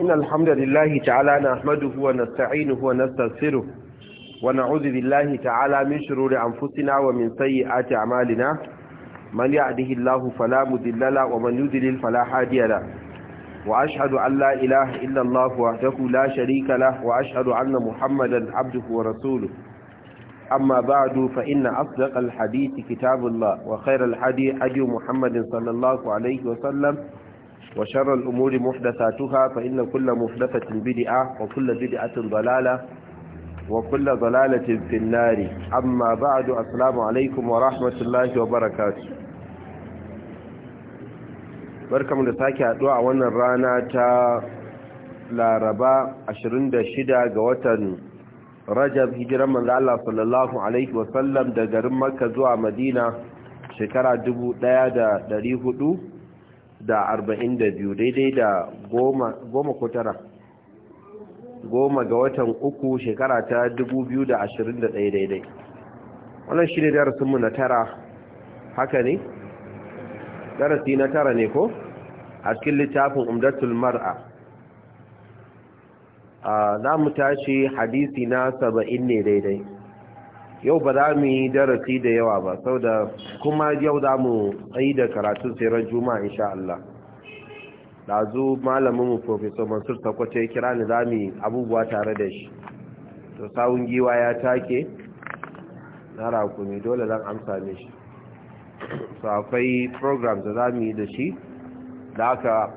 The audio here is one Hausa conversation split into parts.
إن الحمد لله تعالى نحمده ونستعينه ونستغفره ونعوذ بالله تعالى من شرور أنفسنا ومن سيئات أعمالنا من يعده الله فلا مذل له ومن يذلل فلا هادي له وأشهد أن لا إله إلا الله وحده لا شريك له وأشهد أن محمدا عبده ورسوله أما بعد فإن أصدق الحديث كتاب الله وخير الحديث حديث محمد صلى الله عليه وسلم وشر الأمور محدثاتها فإن كل محدثة بدئة وكل بدئة ضلالة وكل ضلالة في النار أما بعد السلام عليكم ورحمة الله وبركاته barkamu da sake haɗu a wannan rana ta laraba 26 ga watan rajab hijiran manzo Allah sallallahu alaihi wasallam da garin makka zuwa madina shekara da arba'in da biyu daidai da goma ko tara goma ga watan uku shekara ta dubu biyu da ashirin da ɗaya daidai wannan shi ne darasinmu na tara haka ne? darasi na tara ne ko? a cikin littafin umdatul mar'a za mu tashi hadisi na saba'in ne daidai yau ba za mu yi darasi da yawa ba sau da kuma yau za mu yi da karatun tseren juma'a insha Allah ɗazu mu, professor mansur takwace ya kira ni za mu yi abubuwa tare da shi to sawun giwa ya take na rakumi dole zan amsa ne shi so akwai program da za mu yi da shi da aka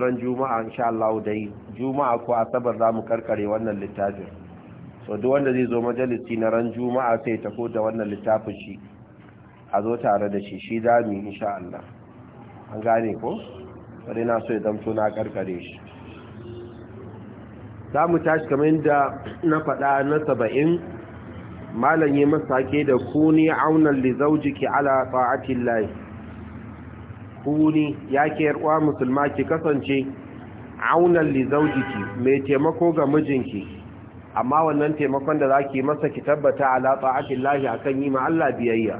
ran juma'a insha Allah dai juma'a ko asabar za mu karkare wannan littafin so duk wanda zai zo majalisi na ran juma'a sai ta da wannan littafin shi a zo tare da shi shi dami insha Allah an gane ko bari na so ya zamto na karkare shi za mu tashi kamar yadda na faɗa na saba'in malam yi masake da kuni aunan zaujiki ala ta'atin layi kuni ya ke yarwa musulma ki kasance aunan zaujiki mai taimako ga mijinki amma wannan taimakon da za zaki masa ki tabbata ala a akan yi ma Allah biyayya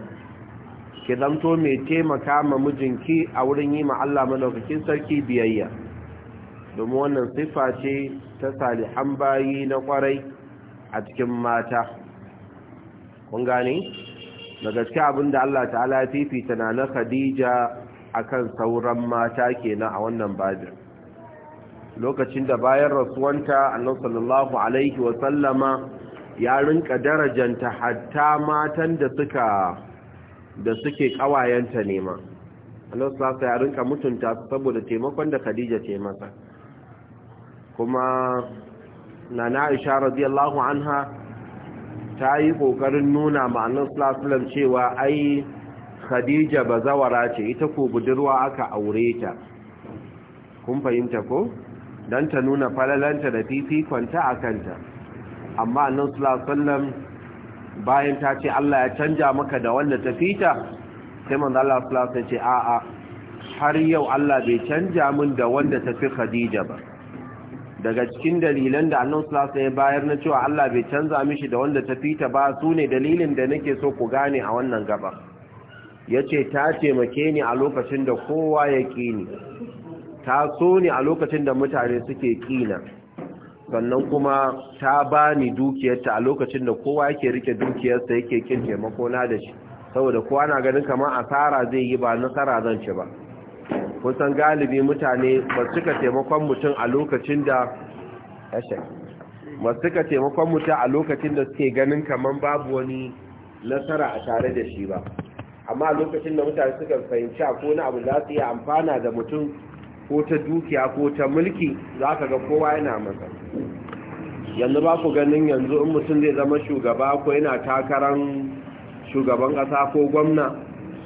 ki zamto mai taimaka ma mijinki a wurin yi ma Allah sarki biyayya domin wannan siffa ce ta salihan bayi na kwarai a cikin mata kun gane da gaske da Allah ta'ala fifita na na Khadija akan sauran mata kenan a wannan babin lokacin da bayan rasuwanta Allah sallallahu alaihi wa sallama ya rinka darajanta hatta matan da suka da suke kawayanta nema Allah sallallahu ya rinka mutunta saboda taimakon da Khadija ce masa kuma nana Aisha radiyallahu anha ta yi kokarin nuna ma Allah sallallahu alaihi wasallam cewa ai Khadija bazawara ce ita ko budurwa aka aure ta kun fahimta ko don ta nuna falalanta da fifikonta a kanta amma annan sulasallam bayan ta ce Allah ya canja maka da wanda ta fita sai manzo Allah sulasallam ce a'a har yau Allah bai canja min da wanda ta fi Khadija ba daga cikin dalilan da annan sulasallam ya bayar na cewa Allah bai canza mishi da wanda ta fita ba su ne dalilin da nake so ku gane a wannan gaba yace ta taimake ni a lokacin da kowa ya ƙi ni ta so ni a lokacin da mutane suke kina sannan kuma ta ba ni dukiyarta a lokacin da kowa yake rike dukiyarsa yake kin taimako na da shi saboda kowa na ganin kamar asara zai yi ba nasara zan ci ba kusan galibi mutane ba suka taimakon mutum a lokacin da ba suka taimakon mutum a lokacin da suke ganin kamar babu wani nasara a tare da shi ba amma lokacin da mutane suka fahimci a kone abu za su yi amfana da mutum ko ta dukiya ko ta mulki za ka ga kowa yana masa yanzu ba ku ganin yanzu in mutum zai zama shugaba ko yana takarar shugaban ƙasa ko gwamna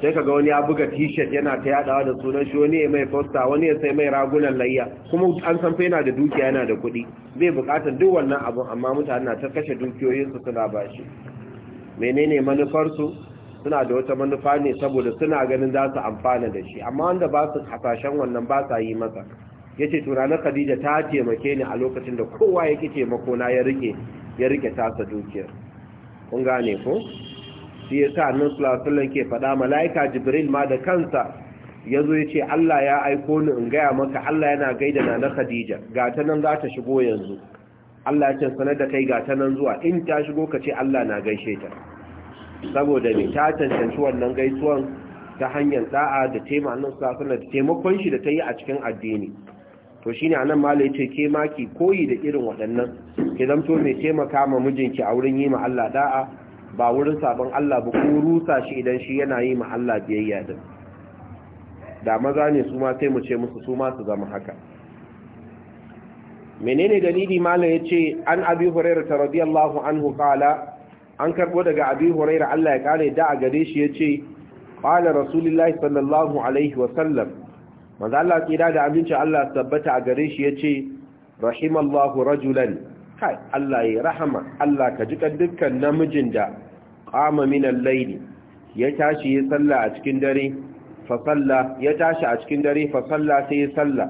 sai kaga wani ya buga t-shirt yana ta yadawa da sunan shi wani ya mai posta wani ya sai mai ragunan layya kuma an san fa yana da dukiya yana da kuɗi Zai buƙatar duk wannan abun amma mutane na ta kashe dukiyoyinsu suna bashi menene manufarsu suna da wata manufa ne saboda suna ganin za su amfana da shi amma wanda ba su hasashen wannan ba sa yi masa ya ce turanar khadija ta taimake ni a lokacin da kowa ya ƙi taimakona ya rike ya rike tasa dukiyar kun gane ko shi ya sa annan sulasulan ke faɗa mala'ika jibril ma da kansa ya zo ya ce allah ya aiko ni in gaya maka allah yana gaida na na khadija ga ta nan za ta shigo yanzu allah ya ce sanar da kai ga ta nan zuwa in ta shigo ka ce allah na gaishe ta saboda mai ta cancanci wannan gaisuwan ta hanyar da'a da tema su sasana da taimakon shi da ta yi a cikin addini to shi shine anan malai ce ke maki koyi da irin waɗannan ke zamto mai taimaka ma mijinki a wurin yi ma Allah da'a ba wurin sabon Allah ba ko rusa shi idan shi yana yi ma Allah biyayya din da maza ne su ma sai mu ce musu su ma su zama haka menene dalili malai ce an abi hurairah radiyallahu anhu qala an karbo daga abi huraira Allah ya kare da a gare shi yace qala rasulullahi sallallahu alaihi wa sallam manzo Allah kira da aminci Allah tabbata a gare shi yace rahimallahu rajulan kai Allah ya rahama Allah ka ji dukkan namijin da qama min al-layl ya tashi ya salla a cikin dare fa salla ya tashi a cikin dare fa salla sai ya salla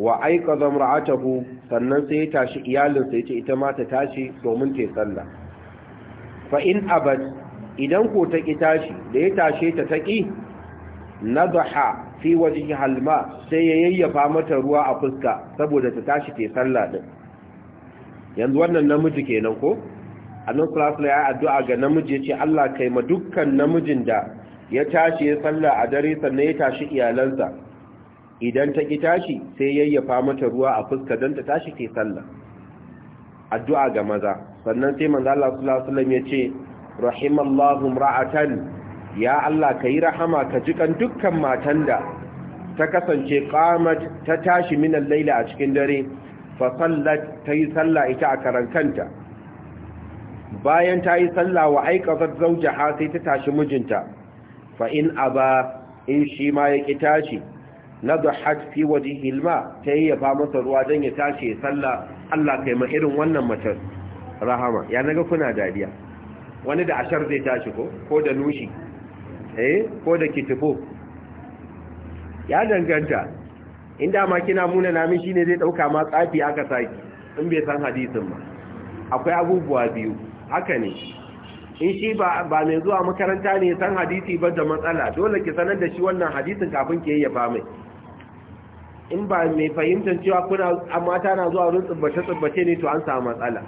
wa aika zamra'atahu sannan sai ya tashi iyalinsa ya ce ita ma ta tashi domin ta yi sallah fa in abad idan ko ta ki tashi da ya tashe ta taƙi nadaha fi wajhi halma sai ya yayyafa mata ruwa a fuska saboda ta tashi ta sallah din yanzu wannan namiji kenan ko annabi sallallahu ya addu'a ga namiji ce Allah kai ma dukkan namijin da ya tashi ya sallah a dare sannan ya tashi iyalansa idan ta ki tashi sai ya yayyafa mata ruwa a fuska don ta tashi ta sallah addu'a ga maza sannan sai manzo Allah sallallahu alaihi wasallam yace rahimallahu imra'atan ya Allah ka yi rahama ka jikan dukkan matan da ta kasance qamat ta tashi minan al-laila a cikin dare fa ta tayi sallah ita a karankanta bayan tayi sallah wa aikazat zawjaha sai ta tashi mijinta fa in ba in shi ma ya ki tashi na da hajji wajen hilma ta yi ya fa masa ruwa don ya tashi ya sallah Allah kai ma irin wannan macen rahama ya naga kuna dariya wani da ashar zai tashi ko ko da nushi eh ko da kitifo ya danganta inda ma kina muna namin shine zai dauka ma tsafi aka saki in bai san hadisin ba akwai abubuwa biyu haka ne in shi ba ba mai zuwa makaranta ne san hadisi ba da matsala dole ki sanar da shi wannan hadisin kafin ki yayyafa mai in ba mai fahimtar cewa kuna mata na zuwa wurin tsubbace-tsubbace ne to an samu matsala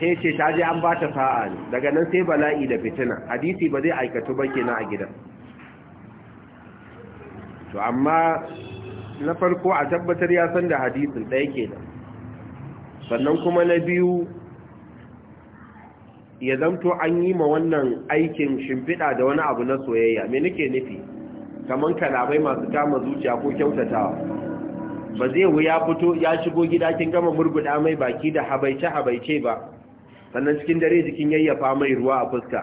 sai ce ta an ba ta fa'a ne daga nan sai bala'i da fitina hadisi ba zai aikatu ba kenan a gidan to amma na farko a tabbatar ya san da hadisin ɗaya ke kenan sannan kuma na biyu ya zamto an yi ma wannan aikin shimfiɗa da wani abu na soyayya me nake nufi kamar kalabai masu kama zuciya ko kyautatawa ba zai wuya fito ya shigo gida kin gama murguda mai baki da habaice habaice ba sannan cikin dare jikin yayyafa mai ruwa a fuska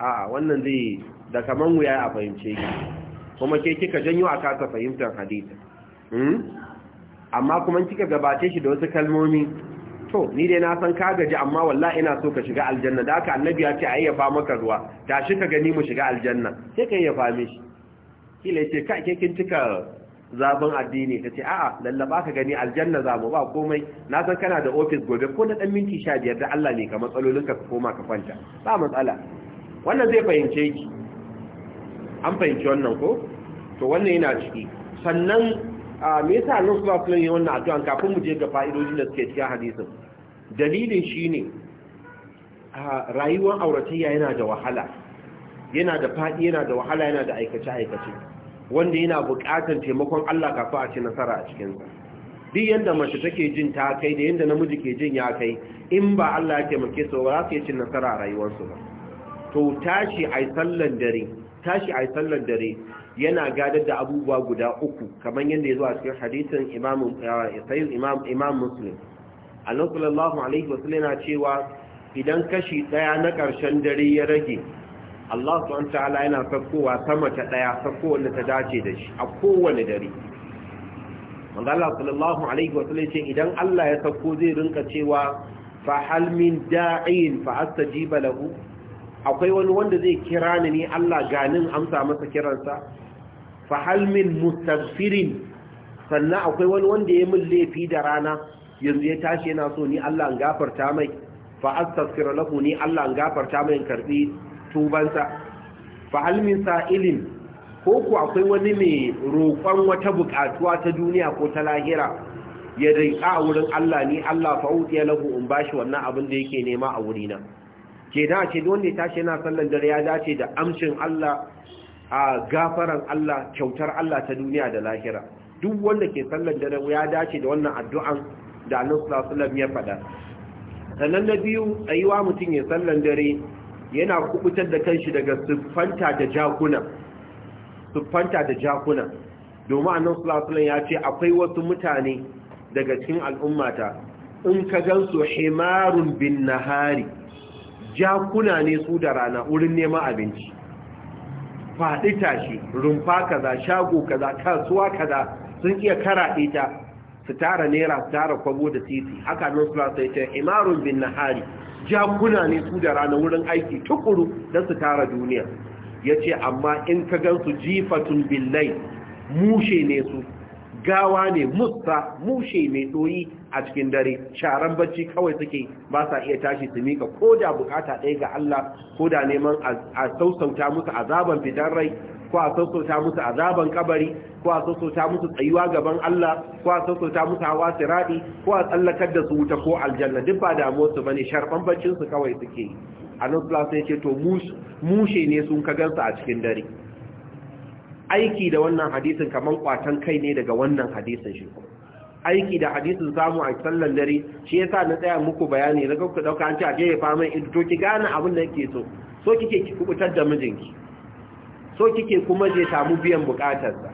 a wannan zai da kaman wuya a fahimce ki kuma ke kika janyo a kasa fahimtar hadisi hmm? amma kuma kika gabace shi da wasu kalmomi to ni dai na san ka gaji amma wallahi ina so ka shiga aljanna da haka annabi ya ce ayyafa maka ruwa tashi ka gani mu shiga aljanna sai ka yayyafa mishi kila yace ka ke kin cika zaben addini ce a'a ba ka gani aljanna za mu ba komai na san kana da office gobe ko na dan minti 15 da Allah ne ka matsalolinka ka koma ka kwanta ba matsala wannan zai fahimce ki an fahimci wannan ko to wannan yana ciki sannan me yasa Allah subhanahu wa ta'ala wannan addu'a kafin mu je ga fa'idodi da suke cikin hadisin dalilin shine rayuwar auratayya yana da wahala yana da fadi yana da wahala yana da aikace aikace wanda yana buƙatar taimakon Allah kafin a ci nasara a cikinsa duk yadda mace take jin ta kai da yadda namiji ke jin ya kai in ba Allah ya taimake su ba za su yi cin nasara a rayuwarsu ba to tashi ai sallan dare tashi ai sallan dare yana gadar da abubuwa guda uku kamar yadda ya zo a cikin hadisin Imam eh, Sayyid Imam Imam Muslim Allah sallallahu alaihi wasallam cewa idan kashi daya na karshen dare ya rage Allah subhanahu ta'ala yana sakkowa sama ta ɗaya sakko wanda ta dace da shi a kowane dare manzo Allah sallallahu alaihi wasallam ce idan Allah ya sakko zai rinka cewa fa hal min da'in fa jiba lahu akwai wani wanda zai kira ni ne Allah ganin amsa masa kiransa fa halmin min sannan akwai wani wanda ya min laifi da rana yanzu ya tashi yana so ni Allah in gafarta mai fa astaghfira lahu ni Allah in gafarta mai in karbi tubansa fa hal min sa'ilin ko ku akwai wani mai roƙon wata buƙatuwa ta duniya ko ta lahira ya riƙa a wurin Allah ni Allah fa uti lahu in bashi wannan abin da yake nema a wurina ke da ce wanda ya tashi yana sallan dare ya dace da amcin Allah a gafaran Allah kyautar Allah ta duniya da lahira duk wanda ke sallan dare ya dace da wannan addu'an da Annabi sallallahu alaihi wasallam ya faɗa sannan na biyu ayuwa mutum ya sallan dare yana kubutar da kanshi daga siffanta da jakuna siffanta da jakuna domin ya ce akwai wasu mutane daga cikin al'ummata in ka gansu himarun bin nahari jakuna ne su da rana wurin neman abinci faɗi tashi rumfa kaza shago kaza kasuwa kaza sun iya kara ita su tara naira su tara kwabo da titi haka nan sulasulan ya ce himarun bin nahari jakuna ne su da rana wurin aiki tukuru da su tara duniya ya ce amma in ka gansu jifatun billai mushe ne su gawa ne musta mushe ne doyi a cikin dare sharan bacci kawai suke ba sa iya tashi su mika ko da bukata ɗaya ga Allah ko da neman a sausauta musu azaban fitar rai ko a sassauta musu azaban kabari ko a sassauta musu tsayuwa gaban Allah ko a sassauta musu hawa siradi ko a tsallakar da su wuta ko aljanna duk ba da su bane sharban baccin su kawai suke nan plus ce to mushe ne sun ka gansu a cikin dare aiki da wannan hadisin kaman kwatan kai ne daga wannan hadisin shi aiki da hadisin samu a sallan dare shi yasa na tsaya muku bayani ga ku dauka an ce a je ya fama in to ki gane abin da yake so so kike ki kubutar da mijinki so kike kuma zai samu biyan bukatarsa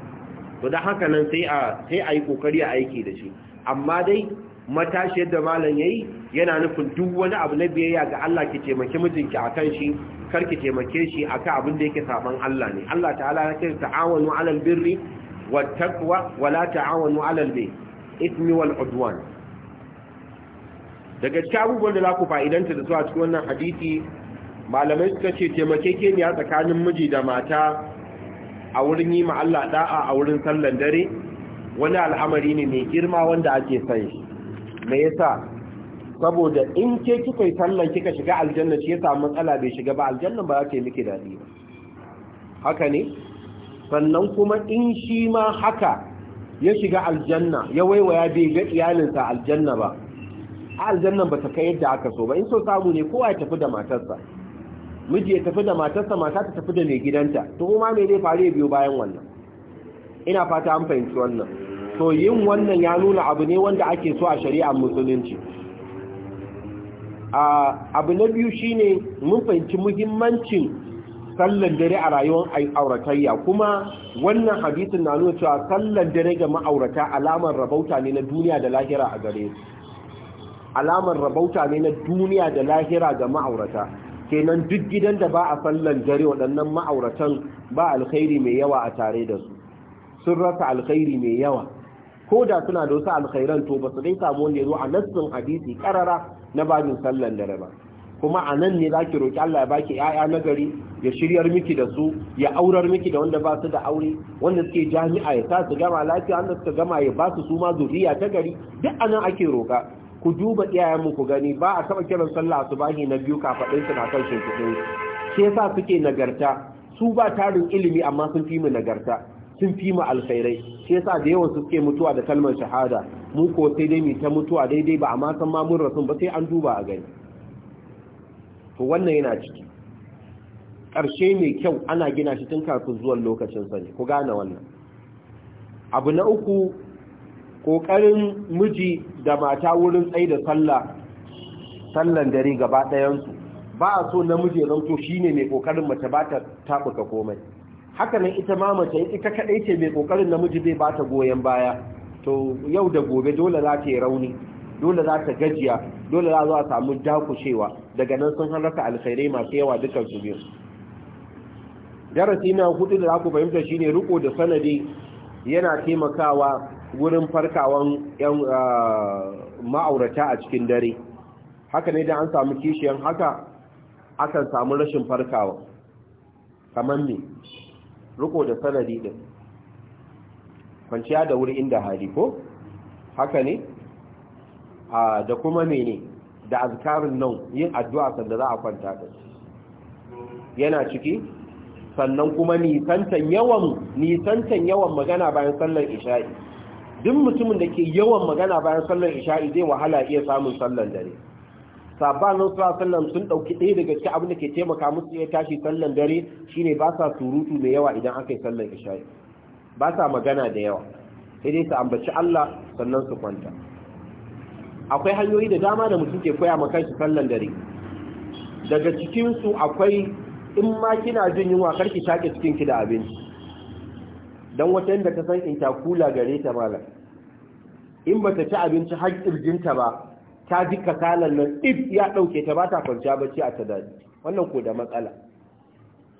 to da haka nan sai a sai a kokari a aiki da shi amma dai matashi yadda malam yayi yana nufin duk wani abu na biyayya ga Allah ki taimake mijinki akan shi kar ki taimake shi akan abin da yake saban Allah ne Allah ta'ala ya ce ta'awanu 'alal birri wat taqwa wa la ta'awanu 'alal bi ithmi wal udwan daga cikin abubuwan da za ku fa'idanta da su a cikin wannan hadisi malamai suka ce taimake a tsakanin miji da mata a wurin yi ma'alla da'a a wurin sallan dare wani al'amari ne mai girma wanda ake sai me yasa saboda in ke kika yi sallan kika shiga aljanna ce ya matsala bai shiga ba aljanna ba za ta yi miki daɗi ba haka ne sannan kuma in shi ma haka ya shiga aljanna ya waiwaya bai ga iyalinsa aljanna ba aljannan ba ta kai yadda aka so ba in so samu ne kowa ya tafi da matarsa miji ya tafi da matarsa mata ta tafi da mai gidanta to kuma me zai faru ya biyo bayan wannan ina fata an fahimci wannan to yin wannan ya nuna abu ne wanda ake so a shari'ar musulunci abu na biyu shine mun fahimci muhimmancin sallan dare a rayuwar auratayya kuma wannan hadisin na nuna cewa sallan dare ga ma'aurata alamar rabauta ne na duniya da lahira a gare alamar rabauta ne na duniya da lahira ga ma'aurata kenan duk gidan da ba a sallan dare waɗannan ma'auratan ba alkhairi mai yawa a tare da su sun rasa alkhairi mai yawa ko da suna da wasu alkhairan to ba su dai samu wanda ya zo a nassin hadisi karara na babin sallan dare ba kuma a nan ne za ki roƙi Allah ya baki ƴaƴa na gari ya shiryar miki da su ya aurar miki da wanda ba su da aure wanda suke jami'a ya sa su gama lafiya wanda suka gama ya ba su su ma zuriya ta gari duk a nan ake roƙa ku duba iyayenmu ku gani ba a taba kiran sallah asubahi na biyu kafaɗin su na kan shimfiɗin shi yasa suke nagarta su ba tarin ilimi amma sun fi mu nagarta sun fi mu alkhairai shi yasa da yawan su suke mutuwa da kalmar shahada mu ko sai dai mu ta mutuwa daidai ba amma san ma mun rasu ba sai an duba a gani to wannan yana ciki ƙarshe mai kyau ana gina shi tun kafin zuwan lokacin sani ku gane wannan abu na uku ƙoƙarin miji da mata wurin tsaye da sallah sallan dare gaba ɗayansu ba a so namiji zanto shi ne mai ƙoƙarin mace ba ta taɓuka komai haka nan ita ma mace ita kaɗai ce mai ƙoƙarin namiji zai ba ta goyon baya to yau da gobe dole za ta yi rauni dole za ta gajiya dole za a samu dakushewa daga nan sun harraka alkhairai masu yawa dukkan su biyu darasi na hudu da za ku fahimta shine riko da sanadi yana taimakawa wurin farkawan yan ah, ma'aurata a cikin dare haka ne da an samu kishiyan haka akan samu rashin farkawa kamar me riko da sanadi din kwanciya da wuri inda hali ko haka ne ah, da kuma mene da azkarin nan yin addu'a sanda za a kwanta da yana ciki sannan kuma nisantan yawan nisantan yawan magana bayan sallar isha'i duk mutumin da ke yawan magana bayan sallar isha'i zai wahala iya samun sallar dare sabanin sa Sallar sun dauki ɗaya daga cikin abin da ke taimaka musu ya tashi sallar dare shine ba sa surutu mai yawa idan aka yi sallar isha'i ba sa magana da yawa sai dai su ambaci Allah sannan su kwanta akwai hanyoyi da dama da mutum ke koya maka shi sallar dare daga cikinsu akwai in ma kina jin yunwa karki take cikin ki da abinci don wata yadda ta san in ta kula gare ta malam in ba ta ci abinci har ƙirjinta ba ta ji kasalan nan if ya ɗauke ta ba ta kwanciya bacci a ta daji wannan ko da matsala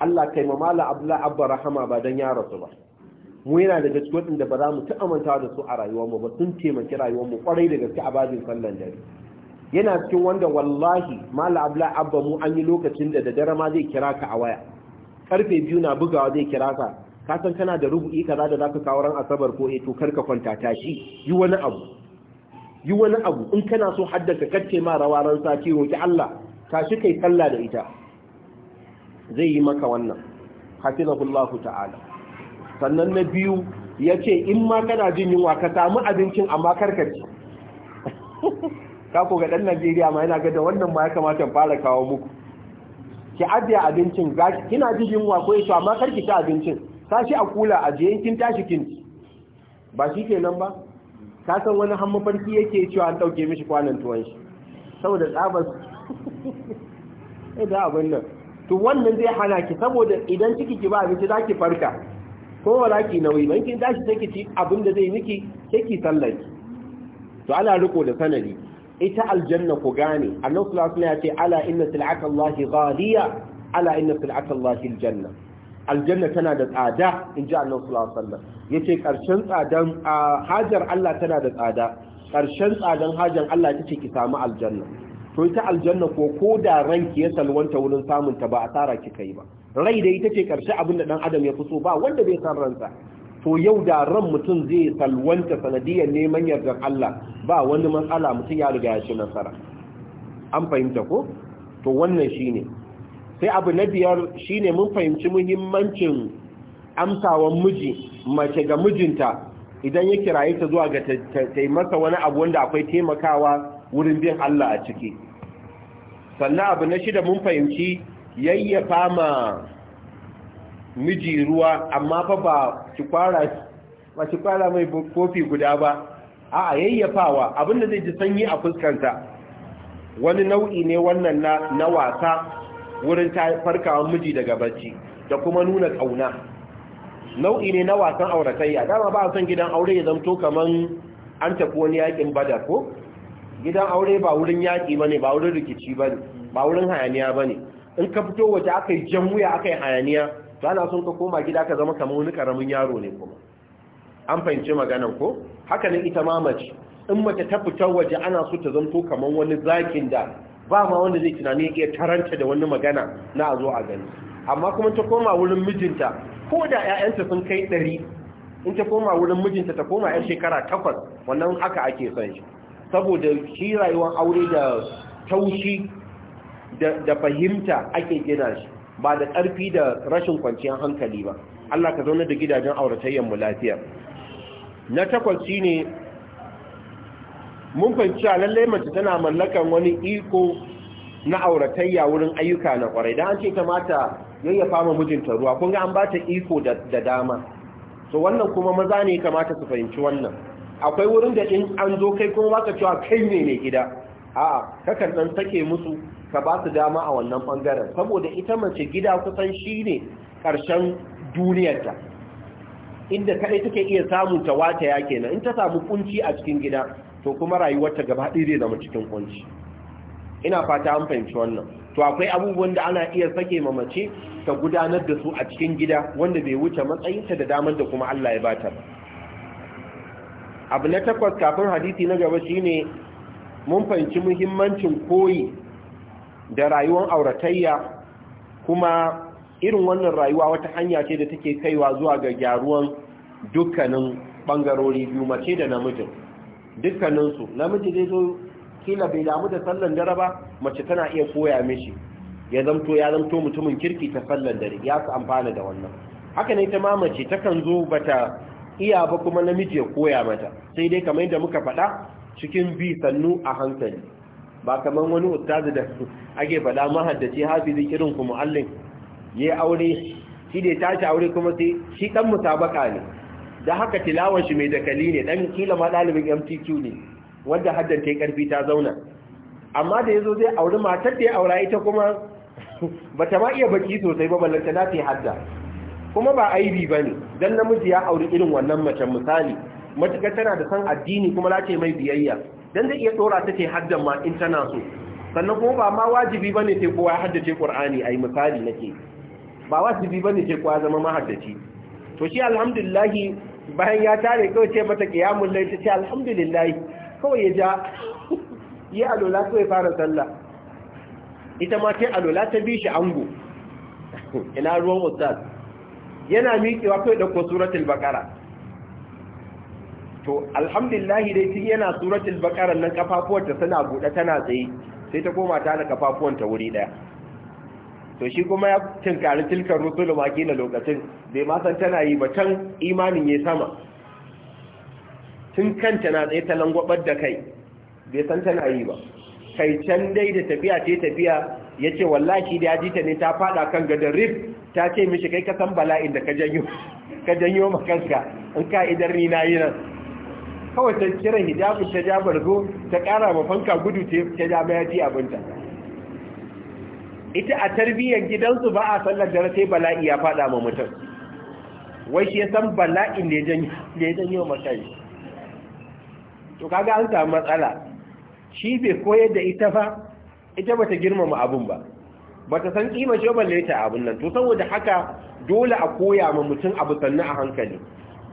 Allah kai ma mala abla abba rahama ba don ya rasu ba mu yana daga cikin waɗanda ba za mu ci amanta da su a rayuwarmu ba sun taimaki rayuwarmu kwarai da gaske a bajin sallan dare yana cikin wanda wallahi mala abla abba mu an yi lokacin da da dare ma zai kira ka a waya karfe biyu na bugawa zai kira ka ka san kana da rubu'i kaza da zaka kawo ran asabar ko eh to karka kwanta tashi yi wani abu yi wani abu in kana so haddaka kacce ma rawa ran sati roki Allah tashi kai sallah da ita zai yi maka wannan hafizahullahu ta'ala sannan na biyu yace in ma kana jin yunwa ka samu abincin amma ci ka ko ga dan Najeriya ma yana ga da wannan ma ya kamata fara kawo muku ki ajiye abincin kina jin yunwa ko yace eh, amma karki ci abincin sashi a kula a je kin tashi ba shi kenan ba ka san wani han farki yake cewa an ɗauke mishi kwanan tuwon shi saboda tsabar eh da abin nan to wannan zai hana ki saboda idan ciki ki ba abinci zaki farka ko wala ki nauyi ban kin tashi take ci abin da zai miki sai ki sallaki to ana riko da sanadi ita aljanna ku gane annabi sallallahu alaihi wasallam ya ce ala inna sil'atallahi ghaliya ala inna sil'atallahi aljanna aljanna tana da tsada in ji annabi sallallahu alaihi wasallam yace karshen tsadan hajar Allah tana da tsada karshen tsadan hajar Allah ta ce ki samu aljanna to ita aljanna ko ko da ranki ya salwanta wurin samun ta ba a asara ki kai ba rai da ita ce karshe abin da dan adam ya fi so ba wanda bai san ransa to yau da ran mutum zai salwanta sanadiyar neman yardar Allah ba wani matsala mutum ya riga ya ci nasara an fahimta ko to wannan shine sai abu na biyar shine mun fahimci muhimmancin amsawan miji mace ga mijinta idan ya kiraye ta zuwa ga taimaka wani abu wanda akwai taimakawa wurin bin Allah a ciki sannan abu na shida mun fahimci yayyafa ma miji ruwa amma fa ba ki kwara mai kofi guda ba a'a yayyafawa abinda zai ji sanyi a fuskanta wani nau'i ne wannan na wasa wurin farkawa miji daga bacci da kuma nuna ƙauna nau'i ne na wasan auratayya dama ba son gidan aure ya zanto kaman an tafi wani yakin bada ko gidan aure ba wurin yaƙi bane ba wurin rikici bane ba wurin hayaniya bane in ka fito waje aka yi jan aka yi hayaniya to ana son ka koma gida ka zama kaman wani karamin yaro ne kuma an fahimci maganan ko haka ne ita ma mace in mace ta fita waje ana so ta zanto kaman wani zakin da ba ma wanda zai tunani ya taranta da wani magana na a zo a gani amma kuma ta koma wurin mijinta ko da 'ya'yanta sun kai ɗari in ta koma wurin mijinta ta koma 'yan shekara takwas wannan haka ake son shi saboda shi rayuwar aure da taushi da fahimta ake gina shi ba da ƙarfi da rashin kwanciyar hankali ba Allah ka zaune da gidajen auratayyanmu lafiya na takwas shine mun fahimci a lallai mace tana mallakan wani iko na auratayya wurin ayyuka na kwarai dan an ce kamata yayyafa ma mijinta ruwa kun an ba ta iko da dama so wannan kuma maza ne kamata su fahimci wannan akwai wurin da in an zo kai kuma baka cewa kai ne ne gida a'a kakan dan sake musu ka ba su dama a wannan bangaren saboda ita mace gida kusan shine karshen duniyarta inda kadai take iya samunta ta wata ya kenan in ta samu kunci a cikin gida to kuma rayuwarta gaba ɗaya zai zama cikin kunci ina fata an fahimci wannan to akwai abubuwan da ana iya sake ma mace ta gudanar da su a cikin gida wanda bai wuce matsayinta da damar da kuma Allah ya bata ba abu na takwas kafin hadisi na gaba shine mun fahimci muhimmancin koyi da rayuwar auratayya kuma irin wannan rayuwa wata hanya ce da take kaiwa zuwa ga gyaruwan dukkanin bangarori biyu mace da namijin dukkaninsu namiji zai zo kila bai damu da sallan dare ba mace tana iya koya mishi ya zamto ya zamto mutumin kirki ta sallan dare ya su amfana da wannan haka ne ta mace takan zo bata iya ba kuma namiji ya koya mata sai dai kamar yadda muka faɗa cikin bi sannu a hankali ba kamar wani ustazi da ake faɗa mahaddaci hafizi kirin ku mu'allim ya aure shi da ya tashi aure kuma sai shi dan musabaka ne da haka tilawar shi mai dakali ne dan kila ma dalibin MTQ ne wanda haddan ta karfi ta zauna amma da yazo zai auri matar da ya aura ita kuma bata ma iya baki sosai ba ballanta na ta hadda kuma ba aibi bane dan namiji ya auri irin wannan mace misali matukar tana da san addini kuma lace mai biyayya dan zai iya dora ta ta haddan ma in tana so sannan kuma ba ma wajibi bane sai kowa ya haddace Qur'ani ai misali nake ba wajibi bane sai kowa zama mahaddaci to shi alhamdulillah bayan ya tare kawai ce mata kiyamun lai ta ce alhamdulillahi. kawai ya ja yi alola kawai fara sallah ita ma ce alola ta bi shi ango ina ruwan ustaz yana miƙewa kawai ɗauko suratul bakara to alhamdulillahi dai tun yana suratul bakara nan kafafuwanta suna buɗe tana tsaye sai ta koma ta da kafafuwanta wuri ɗaya to shi kuma ya tinkari tilkar rusulu na lokacin bai ma san tana yi ba can imanin ya sama tun kanta na tsaye ta langwabar da kai bai san tana yi ba kai can dai da tafiya ce tafiya ya ce wallahi da ya ji ta ne ta fada kan gadon rif ta ce mishi kai ka san bala'in da ka janyo ka janyo makanka in ka idan ni na yi nan kawai ta kira hijabin ta jabar zo ta kara ma fanka gudu ta ja mayaji abinta ita a tarbiyyar gidansu ba a sallar dare sai bala'i ya fada ma mutum wai shi ya san bala'in da ya janyo makayi to kaga an samu matsala shi bai koyar da ita fa ita bata girmama abun ba bata san kima shi ba leta abun nan to saboda haka dole a koya ma mutum abu sannu a hankali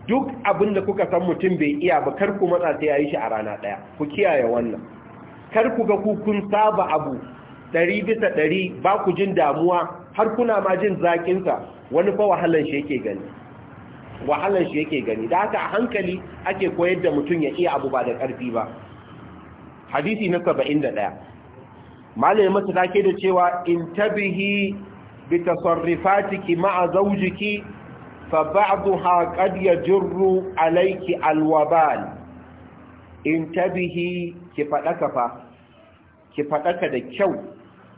duk abin da kuka san mutum bai iya ba kar ku matsa sai yi shi a rana ɗaya, ku kiyaye wannan kar ku ga ku kun saba abu ɗari bisa ɗari ba ku jin damuwa har kuna ma jin zaƙinsa wani fa wahalan shi yake gani wahalan shi yake gani da haka a hankali ake koyar da mutum ya iya abu ba da ƙarfi ba hadisi na saba'in da ɗaya ya masu take da cewa in tabihi bi tasarrifatiki ma'a zaujiki fa ba'daha qad yajru alayki alwabal in tabihi ki fadaka fa ki fadaka da kyau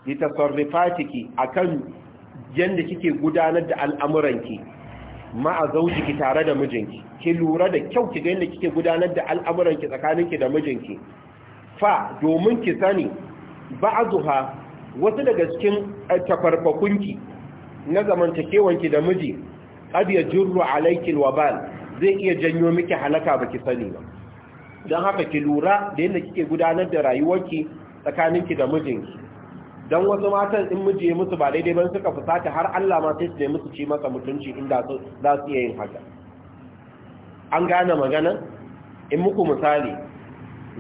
bi tasarrufatiki akan yanda kike gudanar da al'amuranki ma'a zaujiki tare da mijinki ki lura da kyau ki ga yanda kike gudanar da al'amuranki tsakaninki da mijinki fa domin ki sani ba'dha wasu daga cikin eh, tafarfakunki na zamantakewanki da miji qad yajru alayki alwabal zai iya janyo miki halaka baki sani ba don haka ki lura da yadda kike gudanar da rayuwarki tsakaninki da mijinki don wasu matan in miji ya musu ba daidai ban suka fusata har Allah ma sai su nemi su ci masa mutunci inda za su iya yin haka an gane magana in muku misali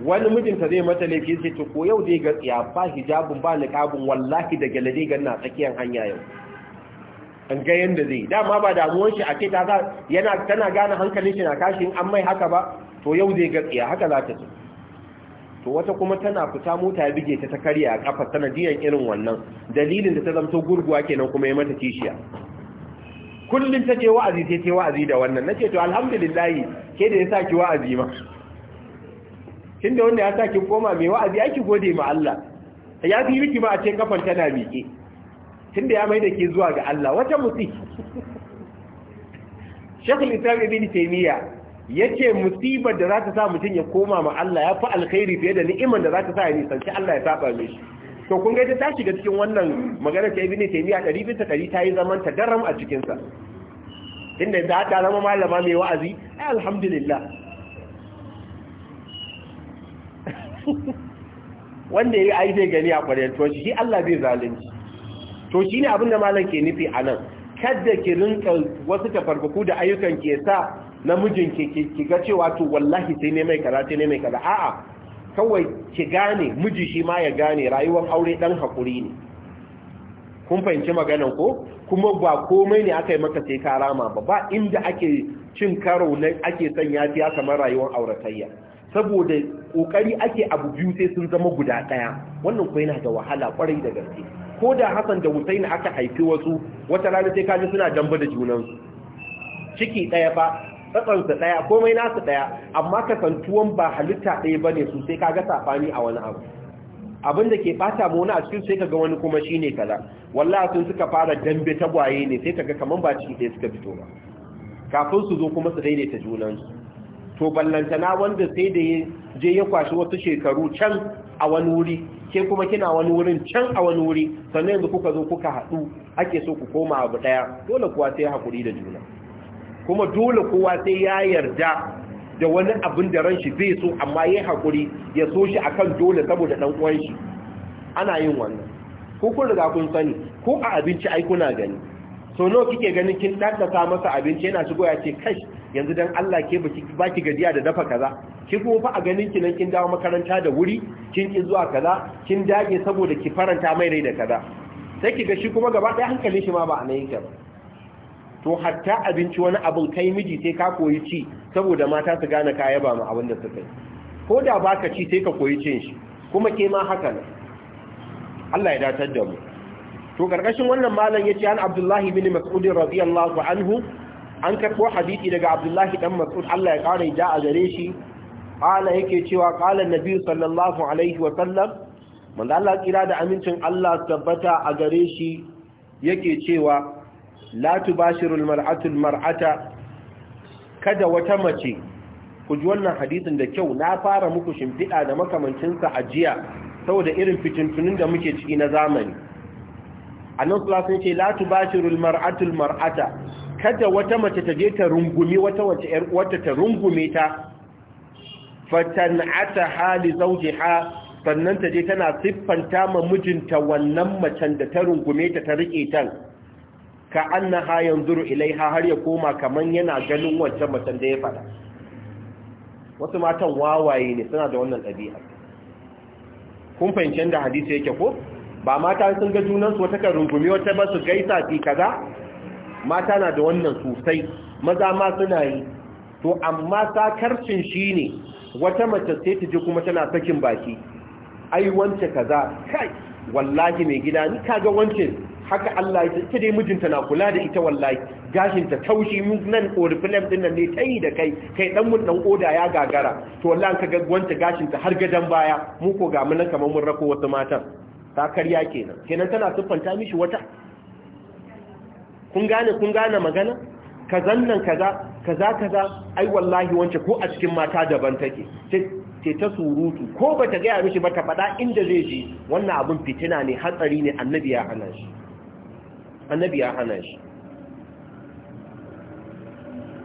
wani mijinta zai mata laifi sai to ko yau zai ga ba hijabun ba niqabun wallahi da galadi ga na tsakiyar hanya yau an ga yanda zai dama ba damuwar shi ake ta yana tana gane hankalin shi na kashi in an mai haka ba to yau zai ga tsiya haka za ta tafi. to wata kuma tana fita mota ya bige ta ta karya a kafa sanadiyan irin wannan dalilin da ta zamto gurguwa kenan kuma ya mata kishiya kullum ta ce wa'azi sai ce wa'azi da wannan nace to alhamdulillah ke da ya saki wa'azi ma kin da wanda ya saki koma mai wa'azi ki gode ma Allah ya fi miki ma a ce kafan tana miƙe tun da ya mai da ke zuwa ga Allah wata musi Sheikh Islam Ibn Taymiyyah Yake musibar da za ta sa mutum ya koma ma Allah ya fi alkhairi fiye da ni'imar da za ta sa ya nisanci Allah ya saba shi to kun ga ta shiga cikin wannan maganar ta yi ta a ɗari bisa ɗari ta yi zaman ta daram a cikinsa. inda za ta zama malama mai wa'azi ai alhamdulillah wanda ya yi zai gani a ƙwarar to shi Allah zai zalunci to shi ne abin da malam ke nufi anan kada ki rinka wasu tafarkuku da ayyukan ke sa namijin ki ga cewa to wallahi sai ne mai kaza sai ne mai kaza a'a kawai ki gane miji shi ma ya gane rayuwar aure dan hakuri ne kun fahimci maganan ko kuma ba komai ne aka yi maka sai ka rama ba ba inda ake cin karo na ake sanya ya kamar rayuwar auratayya saboda kokari ake abu biyu sai sun zama guda daya wannan ko yana da wahala kwarai da gaske ko da Hassan da Hussein aka haifi wasu wata rana sai kaji suna damba da junansu ciki daya ba tsatsansa ɗaya komai nasu ɗaya amma kasantuwan ba halitta ɗaya ba ne su sai ka ga safani a wani abu abin da ke ɓata mu wani a cikin sai kaga ga wani kuma shi ne kaza wallahi sun suka fara dambe ta gwaye ne sai kaga ga kamar ba ciki ɗaya suka fito ba kafin su zo kuma su daidaita junansu to ballantana wanda sai da ya je ya kwashi wasu shekaru can a wani wuri ke kuma kina wani wurin can a wani wuri sannan yanzu kuka zo kuka haɗu ake so ku koma abu ɗaya dole kuwa sai haƙuri da juna kuma dole kowa sai ya yarda da wani abin da ran shi zai so amma ya haƙuri ya so shi akan dole saboda dan uwan shi ana yin wannan ko kun riga kun sani ko a abinci ai kuna gani so nawa kike ganin kin daddasa masa abinci yana shigo ya ce kai yanzu dan Allah ke baki baki gajiya da dafa kaza ki kuma fa a ganin ki nan kin dawo makaranta da wuri kin ki zuwa kaza kin dage saboda ki faranta mai rai da kaza sai ki ga shi kuma gaba ɗaya hankalin shi ma ba a nan yake ba to hatta abinci wani abin kai miji sai ka koyi ci saboda mata su gane ka yaba ma abin da suka yi ko da baka ci sai ka koyi cin shi kuma ke ma haka ne Allah ya datar da mu to karkashin wannan malam yace an Abdullahi bin Mas'ud radiyallahu anhu an karbo hadisi daga Abdullahi dan Mas'ud Allah ya kare da a gare shi qala yake cewa qala annabi sallallahu alaihi wa sallam manzo Allah kira da amincin Allah tabbata a gare shi yake cewa la tubashirul mar'atul mar'ata kada wata mace ku ji wannan hadisin da kyau na fara muku shimfiɗa da makamancinsa a jiya saboda irin fitintunin da muke ciki na zamani annan sulasun ce la tubashirul mar'atul mar'ata kada wata mace ta je ta rungume wata wace ƴar uwarta ta rungume ta fatan'ata hali zawjiha sannan ta je tana siffanta ma mijinta wannan macen da ta rungume ta ta rike tan ka annaha yanzuru ilaiha har ya koma kaman yana ganin wancan mutum da ya fada wasu matan wawaye ne suna da wannan ɗabi'a kun fahimci da hadisi yake ko ba mata sun ga junansu wata kan rungumi wata ba su gaisa fi kaza mata na da wannan sosai maza ma suna yi to amma sakarcin shi ne wata mace sai ta ji kuma tana sakin baki ai wance kaza kai wallahi mai gida ni kaga wancin haka Allah ya ita dai mijinta na kula da ita wallahi gashinta taushi nan oriflame din nan ne ta yi da kai kai dan mun dan oda ya gagara to wallahi ka gagwanta gashinta har gadan baya mu ko ga mun kamar mun rako wasu matan ta karya kenan kenan tana siffanta mishi wata kun gane kun gane magana Kaza nan kaza kaza kaza ai wallahi wance ko a cikin mata daban take ce ta surutu ko bata gaya mishi ba ta faɗa inda zai ji wannan abin fitina ne hatsari ne annabi ya hana shi annabi ya hana shi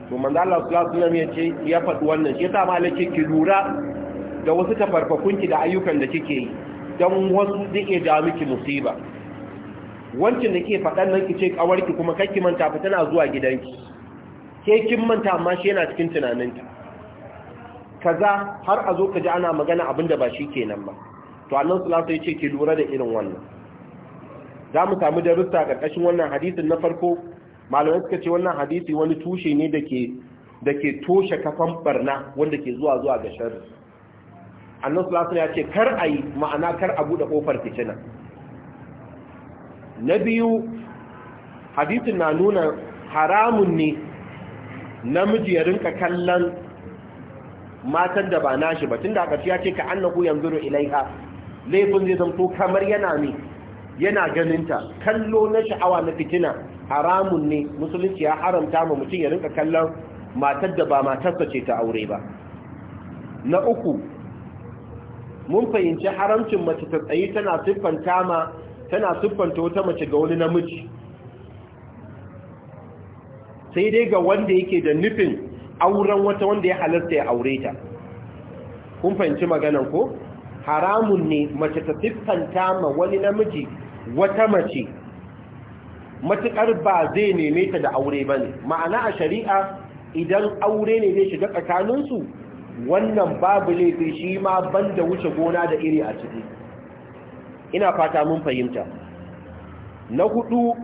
to manzo Allah sallallahu alaihi ce ya faɗi wannan shi yasa malaki ki lura da wasu tafarfakunki da ayyukan da kike yi dan wasu zai iya ja miki musiba wancin da ke faɗan nan ki ce kawarki kuma ki manta fa tana zuwa gidanki ke kin manta amma shi yana cikin tunaninta kaza har a zo ka ji ana magana abin da ba shi kenan ba to annabi sallallahu alaihi ya ce ki lura da irin wannan za mu samu darussa ƙarƙashin wannan hadisin na farko malamai suka ce wannan hadisi wani tushe ne da ke toshe kafan barna wanda ke zuwa zuwa ga sharri annan sulasun ya ce kar a yi ma'ana kar a buɗe kofar fitina na biyu hadisin na nuna haramun ne namiji ya rinka kallon matan da ba nashi ba tun da ya ce ka annahu yanzu ilaiha laifin zai zamto kamar yana ne yana ganinta kallo na sha'awa na fitina haramun ne musulunci ya haramta ma mutum ya rinka kallon matar da ba matarsa ce ta aure ba na uku mun fahimci haramcin mace ta tsaye tana siffanta ma tana siffanta wata mace ga wani namiji sai dai ga wanda yake da nufin auren wata wanda ya halarta ya aure ta kun fahimci maganan ko haramun ne mace ta siffanta ma wani namiji wata mace matuƙar ba zai neme ta da aure ba ne ma'ana a shari'a idan aure ne zai shiga tsakaninsu wannan babu laifin shi ma ban da wuce gona da iri a ciki ina fata mun fahimta na hudu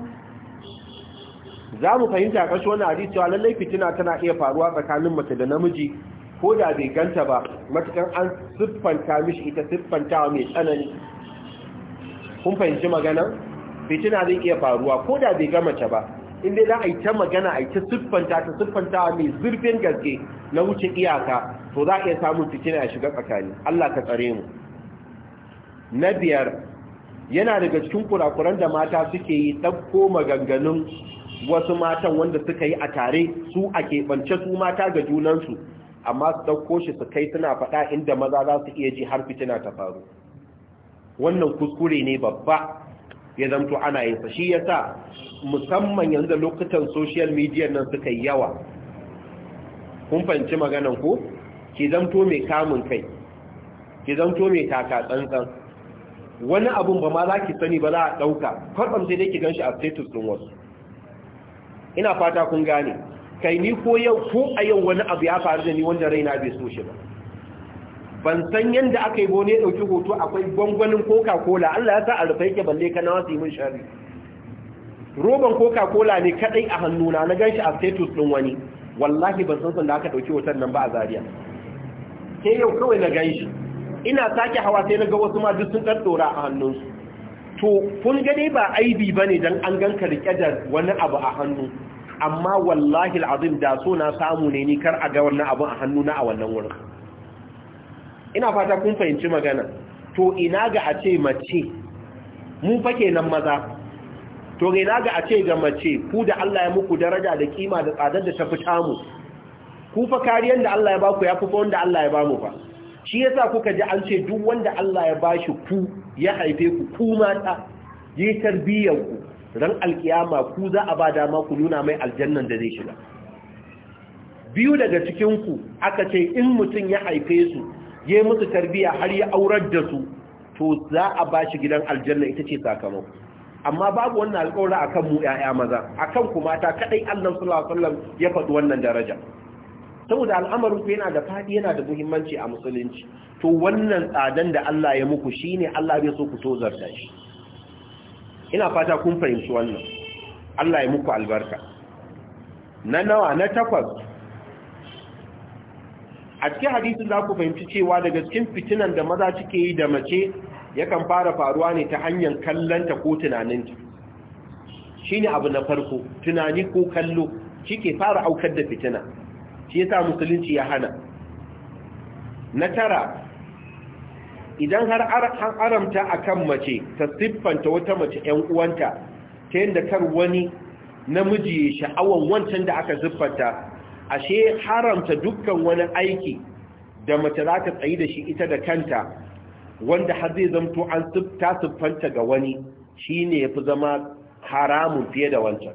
za mu fahimta kashi wani hadisi cewa lallai fitina tana iya faruwa tsakanin mace da namiji ko da bai ganta ba Matuƙar an siffanta mishi ita siffantawa mai tsanani kun fahimci magana fitina zai iya faruwa ko da bai gama ta ba in dai za a yi ta magana a yi ta siffanta ta siffanta mai zurfin gaske na wuce iyaka to za a iya samun fitina a shiga tsakani Allah ka tsare mu na biyar yana daga cikin kurakuran da mata suke yi dauko maganganun wasu matan wanda suka yi a tare su a keɓance su mata ga junansu amma su ɗauko shi su kai suna faɗa inda maza za su iya ji har fitina ta faru wannan kuskure ne babba ya zamto ana yin shi yasa musamman yanzu lokutan social media nan suka yawa kun fahimci maganan ko ki zamto mai kamun kai ki zamto mai taka tsantsan wani abun ba ma za ki sani ba za a ɗauka kwatsam sai dai ki gan shi a status ɗin wasu ina fata kun gane kai ni ko yau ko a yau wani abu ya faru da ni wanda raina bai so shi ba ban san yadda aka yi bone ɗauki hoto akwai gwangwanin coca-cola Allah ya sa a rufe yake balle ka na wasu yi min shari roban coca-cola ne kadai a hannuna na ganshi a status ɗin wani wallahi ban san sanda aka ɗauki hoton nan ba a Zariya. ke yau kawai na ganshi ina sake hawa sai na ga wasu ma duk sun a hannunsu to kun ba aibi ba ne don an ganka riƙe da wani abu a hannu amma wallahi al'azim da so na samu ne ni kar a ga wannan abu a hannuna a wannan wurin ina fata kun fahimci magana to ina ga a ce mace mu fa kenan maza to ina ga a ce ga mace ku da Allah ya muku daraja da kima da tsadar da ta tamu ku fa kariyar da Allah ya baku ya fi fa wanda Allah ya bamu fa shi yasa kuka ji an ce duk wanda Allah ya bashi ku ya haife ku ku mata yi tarbiyyar ku ran alkiyama ku za a ba dama ku nuna mai aljannan da zai shiga biyu daga cikin ku aka ce in mutum ya haife su ya musu tarbiya har ya aurar da su to za a bashi gidan aljanna ita ce sakamako amma babu wannan alƙawari akan mu 'ya'ya maza a kan mata kaɗai Allah sallallahu ya faɗi wannan daraja saboda al'amarin ku yana da faɗi yana da muhimmanci a musulunci to wannan tsadan da Allah ya muku shi ne Allah bai so ku so zarta shi ina fata kun fahimci wannan Allah ya muku albarka na nawa na takwas a cikin hadisin za ku fahimci cewa daga cikin fitinan da maza cike yi da mace yakan fara faruwa ne ta hanyar kallanta ko tunaninta shi ne abu na farko tunani ko kallo shi ke fara aukar da fitina shi sa musulunci ya hana na tara idan har an aramta a kan mace ta siffanta wata mace 'yan uwanta ta yadda kar wani namiji ya sha'awan wancan da aka siffanta ashe haramta dukkan wani aiki da mace za ta tsayi da shi ita da kanta wanda har zai zamto an ta siffanta ga wani shine ya fi zama haramun fiye da wancan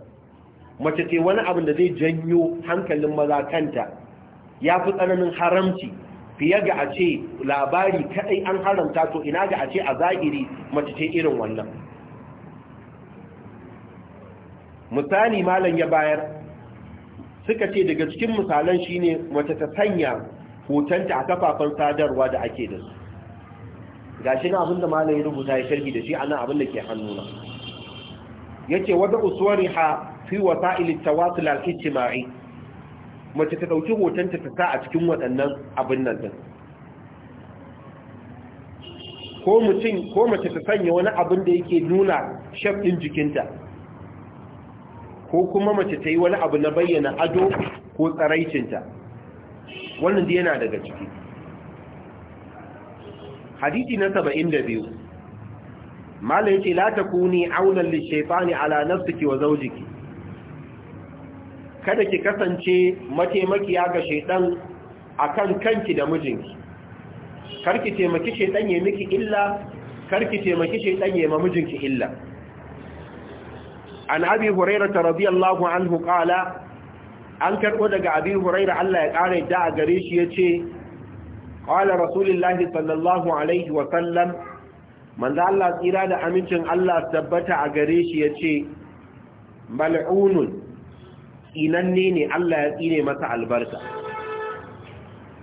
mace ce wani abin da zai janyo hankalin maza kanta ya fi tsananin haramci fiye ga a ce labari kadai an haramta to ina ga a ce a zahiri mace ce irin wannan misali malam ya bayar suka ce daga cikin misalan shi ne mace ta sanya hotonta a kafafen sadarwa da ake da su Ga shi na abinda malamin rubuta ya sharhi da shi ana abin da ke hannuna Ya ce wata ha fi wasa'il at wasu al-ijtima'i mace ta dauki hotonta ta sa a cikin waɗannan abin nan din ko mutum ko mace ta sanya wani abin da yake nuna shafin jikinta ko kuma mace ta yi wani abu na bayyana ado ko tsaraicinta wannan da yana daga ciki Hadithi na saba'in da biyu mala yace la aunan lishaytani ala nafsiki wa ki. kada ki kasance mataimakiya ga a akan kanki da mijinki karki taimaki shaidan ya miki illa karki taimaki ya yi ma mijinki illa an abi huraira ta radiyallahu anhu kala. an karbo daga abi huraira Allah ya kare da a gare shi yace qala rasulullahi sallallahu alaihi wa sallam Allah tsira da amincin Allah tabbata a gare shi ya ce. mal'unun inanne ne Allah ya tsine masa albarka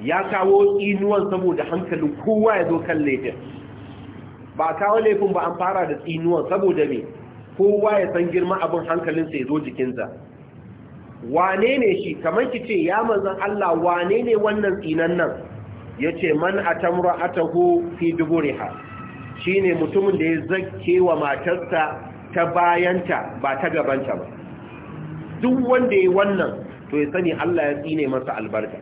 ya kawo tsinuwan saboda hankalin kowa ya zo kan laifin ba kawo laifin ba an fara da tsinuwan saboda me kowa ya san girma abin hankalinsa ya zo jikinsa wane ne shi kamar ki ce ya manzan Allah wane ne wannan tsinan nan ya ce man a tamura a taho fi reha. shi ne mutumin da ya zake wa matarsa ta bayanta ba ta gabanta ba duk wanda ya wannan to ya sani Allah ya tsine masa albarka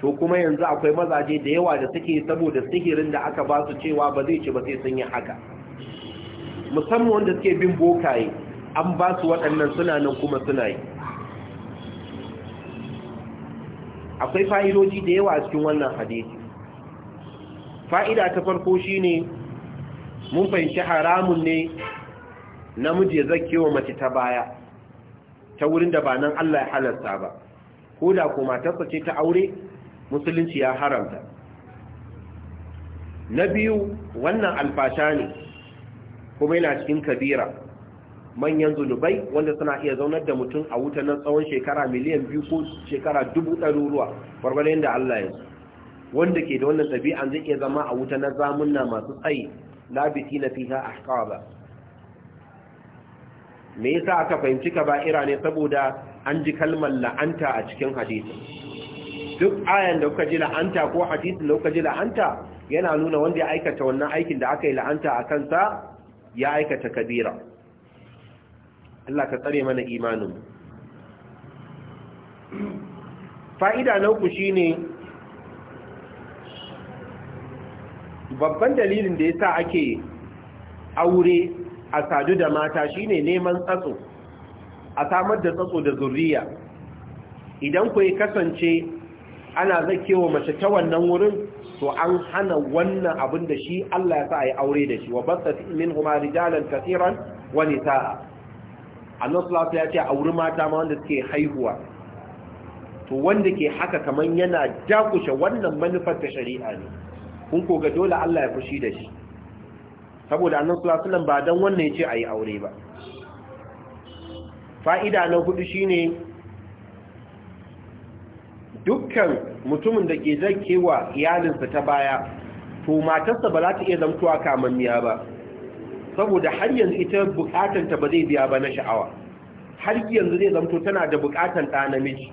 to kuma yanzu akwai mazaje da yawa da suke saboda sihirin da aka ba su cewa ba zai ce ba sai sun yi haka musamman wanda suke bin bokaye an ba su waɗannan suna nan kuma suna yi akwai fa'idoji da yawa a cikin wannan hadisi fa'ida ta farko shi ne mun fahimci haramun ne namiji ya zake wa mace ta baya ta wurin da ba nan Allah ya halarta ba ko da kuma matarsa ce ta aure musulunci ya haramta na biyu wannan alfasha ne kuma yana cikin kabira manyan zunubai wanda suna iya zaunar da mutum a wuta na tsawon shekara miliyan biyu ko shekara dubu ruwa farbalin da Allah ya wanda ke da wannan an zai iya zama a wuta na zamunna masu tsayi labiti na fiha ba. me yasa aka fahimci ka ba ira ne saboda an ji kalmar la'anta a cikin hadisi duk ayan da kuka ji la'anta ko hadisin da kuka ji la'anta yana nuna wanda ya aikata wannan aikin da aka yi la'anta a kansa ya aikata kabira Allah ka tsare mana imanin fa'ida na uku shine babban dalilin da ya sa ake aure a sadu da mata shine neman tsatso a samar da tsatso da zurriya idan ku kasance ana zakewa mace ta wannan wurin to an hana wannan abin da shi Allah ya sa a yi aure da shi wa basta min huma rijalan kasiran wa nisa'a annabi sallallahu ya ce auri mata ma wanda suke haihuwa to wanda ke haka kaman yana jakushe wannan manufar ta shari'a ne kun ko ga dole Allah ya fushi da shi saboda annabi sallallahu alaihi wasallam ba dan wannan yace ayi aure ba fa'ida na hudu shine dukkan mutumin da ke zake wa iyalinsa ta baya to matarsa ba za ta iya zamtuwa miya ba saboda har yanzu ita bukatanta ba zai biya ba na sha'awa har yanzu zai zamto tana da bukatan ɗa namiji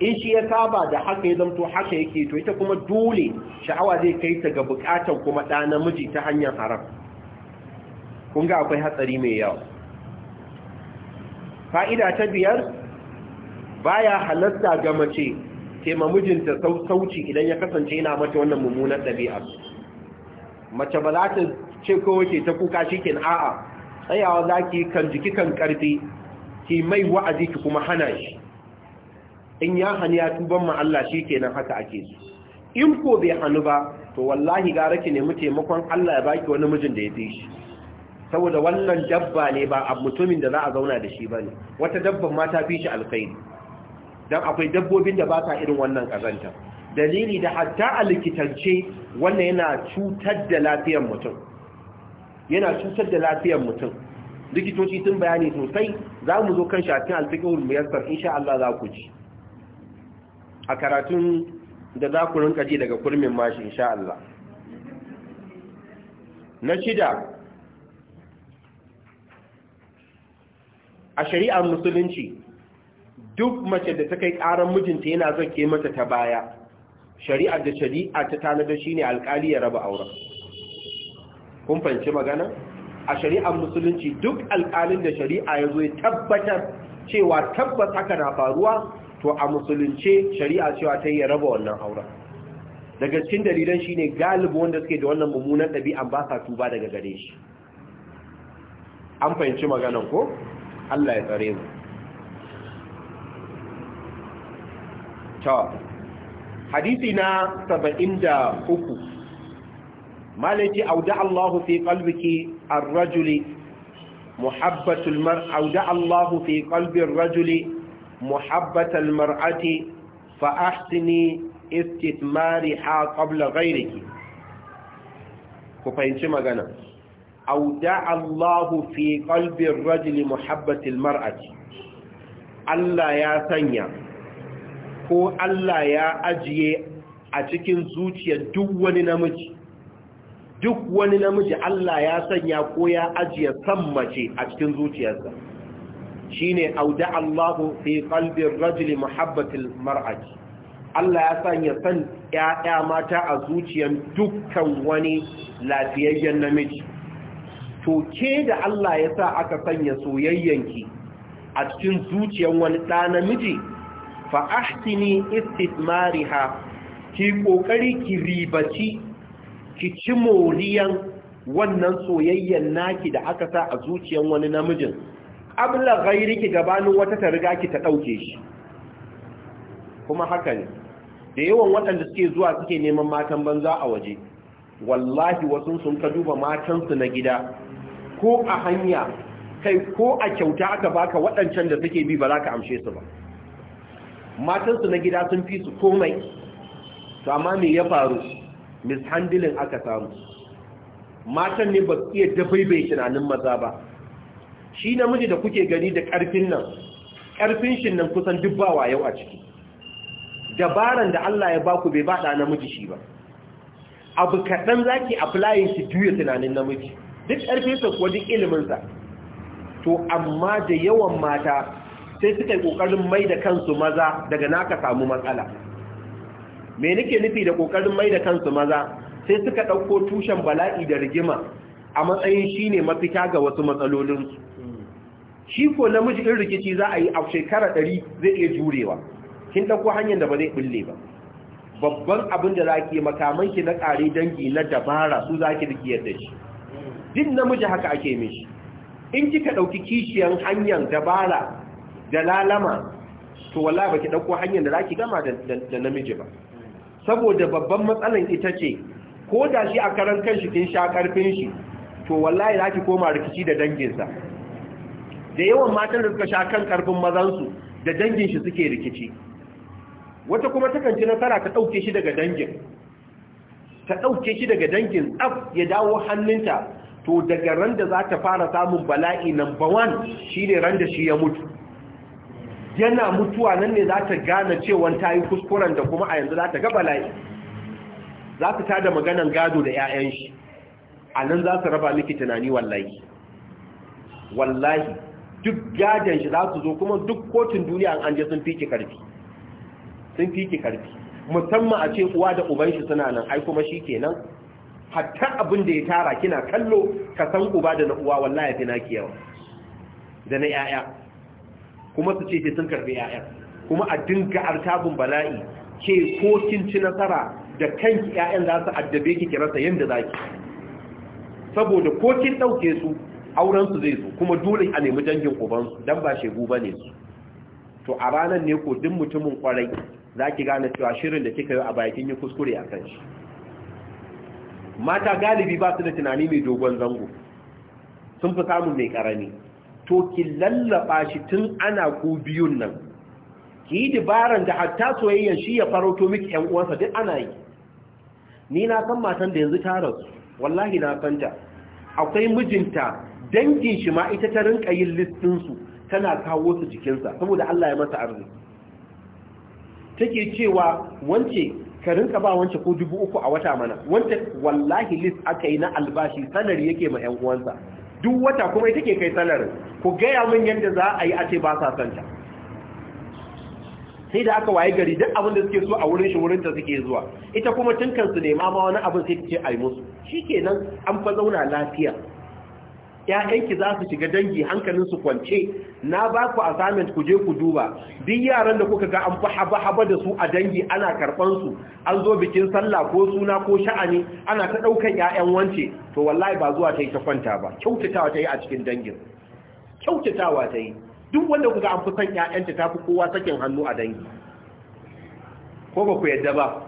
in shi ya saba da haka ya zamto haka yake to ita kuma dole sha'awa zai kai ta ga bukatan kuma ɗa namiji ta hanyar haram kun ga akwai hatsari mai yawa fa'ida ta biyar baya halatta ga mace ke ma mijinta sauci idan ya kasance yana mata wannan mummunar ɗabi'a mace ba za ta ce ko wace ta kuka shi ke a'a tsayawa za ki kan jiki kan ƙarfi ki mai wa'azi ki kuma hana shi in ya hani ya tuban ma Allah shi kenan haka ake su in ko bai hannu ba to wallahi gara ki nemi taimakon Allah ya baki wani mijin da ya fi shi saboda wannan dabba ne ba a mutumin da za a zauna da shi ba ne wata dabban ma ta fi shi alkhairi don akwai dabbobin da ba sa irin wannan ƙazanta dalili da hatta a likitance wannan yana cutar da lafiyar mutum yana cutar da lafiyar mutum likitoci sun bayani sosai za mu zo kan shafin alfikihul muyassar insha Allah za ku ji a karatun da za ku rinka ji daga kurmin mashi insha Allah na shida a shari'ar musulunci duk mace da ta kai ƙaran mijinta yana ke mata ta baya shari'ar da shari'a ta tanada ne alƙali ya raba auren kun fahimci magana a shari'ar musulunci duk alƙalin da shari'a ya zo ya tabbatar cewa tabbas haka na faruwa to a musulunce shari'a cewa ta yi raba wannan auren daga cikin dalilan shine galibi wanda suke da wannan mummunan ɗabi'a, ba sa tuba daga gare shi an fahimci maganan ko Allah ya tsare mu ta hadisi na 73 malaki auda Allah fi qalbiki ar muhabbatul mar auda Allah fi qalbi rajuli muhabbatul mar'ati fa ahsini ha qabla ghayriki ku fahimci magana auda Allah fi qalbi rajuli muhabbatul mar'ati Allah ya sanya ko Allah ya ajiye a cikin zuciyar duk wani namiji duk wani namiji Allah ya sanya ko ya ajiye san mace a cikin zuciyarsa shine auda Allahu fi qalbi ar-rajuli muhabbatil Allah ya sanya san ƴaƴa mata a zuciyar dukkan wani lafiyayyen namiji to ke da Allah ya sa aka sanya soyayyanki a cikin zuciyar wani ɗa namiji fa ahsini istithmariha ki kokari ki ribaci ki ci moriyan wannan soyayyen naki da aka sa a zuciyar wani namijin abla ki gabanin wata ta riga ki ta ɗauke shi kuma haka ne da yawan waɗanda suke zuwa suke neman matan banza a waje wallahi wasu sun ka duba matansu na gida ko a hanya kai ko a kyauta aka baka waɗancan da suke bi ba za ka amshe su ba matansu na gida sun fi su komai to amma me ya faru mishandilin aka samu matan ne ba su iya dafaibai tunanin maza ba shi namiji da kuke gani da ƙarfin nan ƙarfin shi nan kusan dubbawa yau a ciki dabaran da Allah ya baku bai bada namiji shi ba abu kaɗan zaki apply ki juya tunanin namiji duk ƙarfinsa kuwa duk iliminsa to amma da yawan mata sai suka yi ƙoƙarin mai da kansu maza daga naka samu matsala me nake nufi da ƙoƙarin mai da kansu maza sai suka ɗauko tushen bala'i da rigima a matsayin shi ne mafita ga wasu matsalolinsu shi ko namiji in rikici za a yi a shekara ɗari zai iya jurewa kin ɗauko hanyar da ba zai ɓulle ba babban abin da za ki makamanki na ƙare dangi na dabara su za ki rikiyar da shi duk namiji haka ake mishi in kika ɗauki kishiyan hanyar dabara da lalama to wallahi baki dauko hanyar da zaki gama da namiji ba saboda babban matsalan ita ce ko da shi a karan kanshi kin sha karfin shi to wallahi zaki koma rikici da danginsa da yawan matan da suka sha kan karfin su, da dangin shi suke rikici wata kuma ta ci nasara ta dauke shi daga dangin ta dauke shi daga dangin tsaf ya dawo hannunta to daga randa da za ta fara samun bala'i number 1 shine ran da shi ya mutu yana mutuwa nan ne za ta gane cewa ta yi kuskuren da kuma a yanzu za ta ga bala'i za ta tada maganan gado da 'ya'yan shi a nan za su raba miki tunani wallahi wallahi duk gadon shi za su zo kuma duk kotun duniya an je sun fiki karfi sun fiki karfi musamman a ce uwa da uban shi suna nan ai kuma shi kenan hatta abin da ya tara kina kallo ka san uba da na uwa wallahi fi na kiyawa. da na 'ya'ya kuma su ce ce sun karbi 'ya'yan kuma a dinga artabun bala'i ke ko kin ci nasara da kanki 'ya'yan za su addabe ki kirasa yanda zaki saboda ko kin ɗauke su aurensu zai zo kuma dole a nemi dangin ubansu, su dan ba shegu bane su to a ranar ne ko duk mutumin kwarai zaki gane cewa shirin da kika yi a bakin yi kuskure a kan shi mata galibi ba su da tunani mai dogon zango sun fi samun mai karami to ki lallaba shi tun ana ku biyun nan ki yi dabaran da hatta soyayyen shi ya faroto miki ƴan uwansa duk ana yi ni na san matan da yanzu ta rasu wallahi na san ta akwai mijinta dangin shi ma ita ta rinka yin listin su tana kawo su jikinsa saboda Allah ya masa arziki take cewa wance ka rinka ba wance ko dubu uku a wata mana wance wallahi list aka yi na albashi sanar yake ma ƴan uwansa duk wata kuma ita ke kai salar ku gaya min yadda za a yi a ce ba sa santa sai da aka waye gari duk abin da suke so a wurin shi wurin ta suke zuwa ita kuma tun kansu ne ma wani abin sai ta ce ai musu shikenan an fa zauna lafiya ‘ya'yanki za su shiga dangi hankalin su kwance na ba ku assignment ku je ku duba duk yaran da kuka ga an fi haba-haba da su a dangi ana su an zo bikin sallah ko suna ko sha'ani ana ta ɗaukan ‘ya'yan wance to wallahi ba zuwa ta yi ta kwanta ba kyautatawa ta yi a cikin dangin kyautatawa ta yi duk wanda kuka an fi son ‘ya'yanta ta fi kowa sakin hannu a dangi ko ba ku yadda ba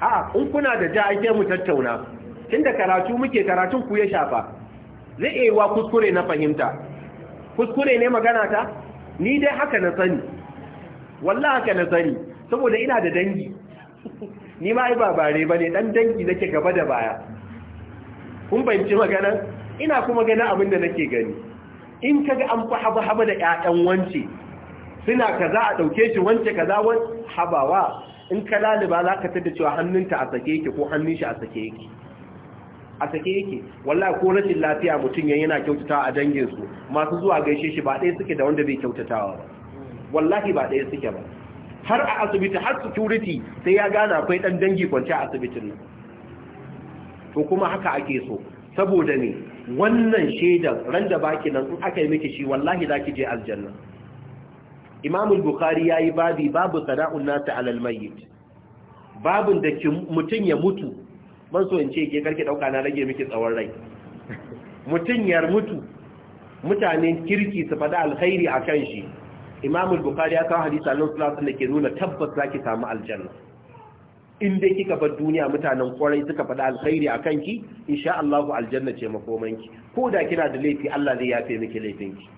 a'a in kuna da ja ake mu tattauna tunda karatu muke karatun ku ya shafa zai iya wa kuskure na fahimta kuskure ne magana ta ni dai haka na sani wallahi haka na sani saboda ina da dangi ni ma ai babare bane dan dangi nake gaba da baya kun fahimci magana ina kuma ganin abin da nake gani in kaga an fa haba haba da 'ya'yan wance suna kaza a dauke shi wance kaza wani? habawa in ka laliba za ka tada cewa hannunta a sake yake ko hannun shi a sake yake a take yake wallahi ko rashin lafiya mutum yayin yana kyautatawa a dangin su masu zuwa gaishe shi ba ɗaya suke da wanda bai kyautatawa ba wallahi ba ɗaya suke ba har a asibiti har security sai ya gana akwai dan dangi kwance a asibitin nan to kuma haka ake so saboda ne wannan shaidan ran da baki nan in aka yi miki shi wallahi za ki je aljanna Imam al-Bukhari yayi babi babu sana'un nasi alal mayyit babun da mutum ya mutu ban so in ce ke karki dauka na rage miki tsawon rai mutun yar mutu mutanen kirki su fada alkhairi akan shi Imam bukhari ya kawo hadisi Allah sallallahu alaihi ke nuna tabbas zaki samu aljanna in dai kika bar duniya mutanen kwarai suka fada alkhairi akan ki insha Allah aljanna ce ki ko da kina da laifi Allah zai yafe miki laifin ki?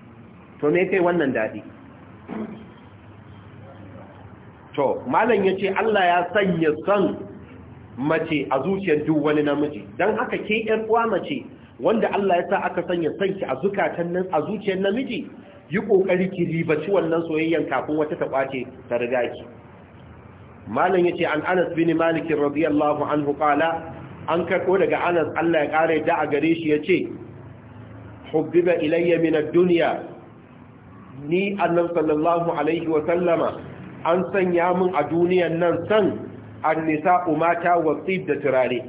to me kai wannan dadi to malam yace Allah ya sanya san mace a zuciyar duk wani namiji don haka ke ƴar uwa mace wanda Allah ya sa aka sanya sanki a zukatan nan a zuciyar namiji yi ƙoƙari ki ribaci wannan soyayyan kafin wata ta ƙwace ta riga ki malam yace an Anas bin Malik radiyallahu anhu qala an ko daga Anas Allah ya ƙara da a gare shi yace hubbiba ilayya min ad-dunya ni annabi sallallahu alaihi wa sallama an sanya min a duniyan nan san annisa mata wa da turare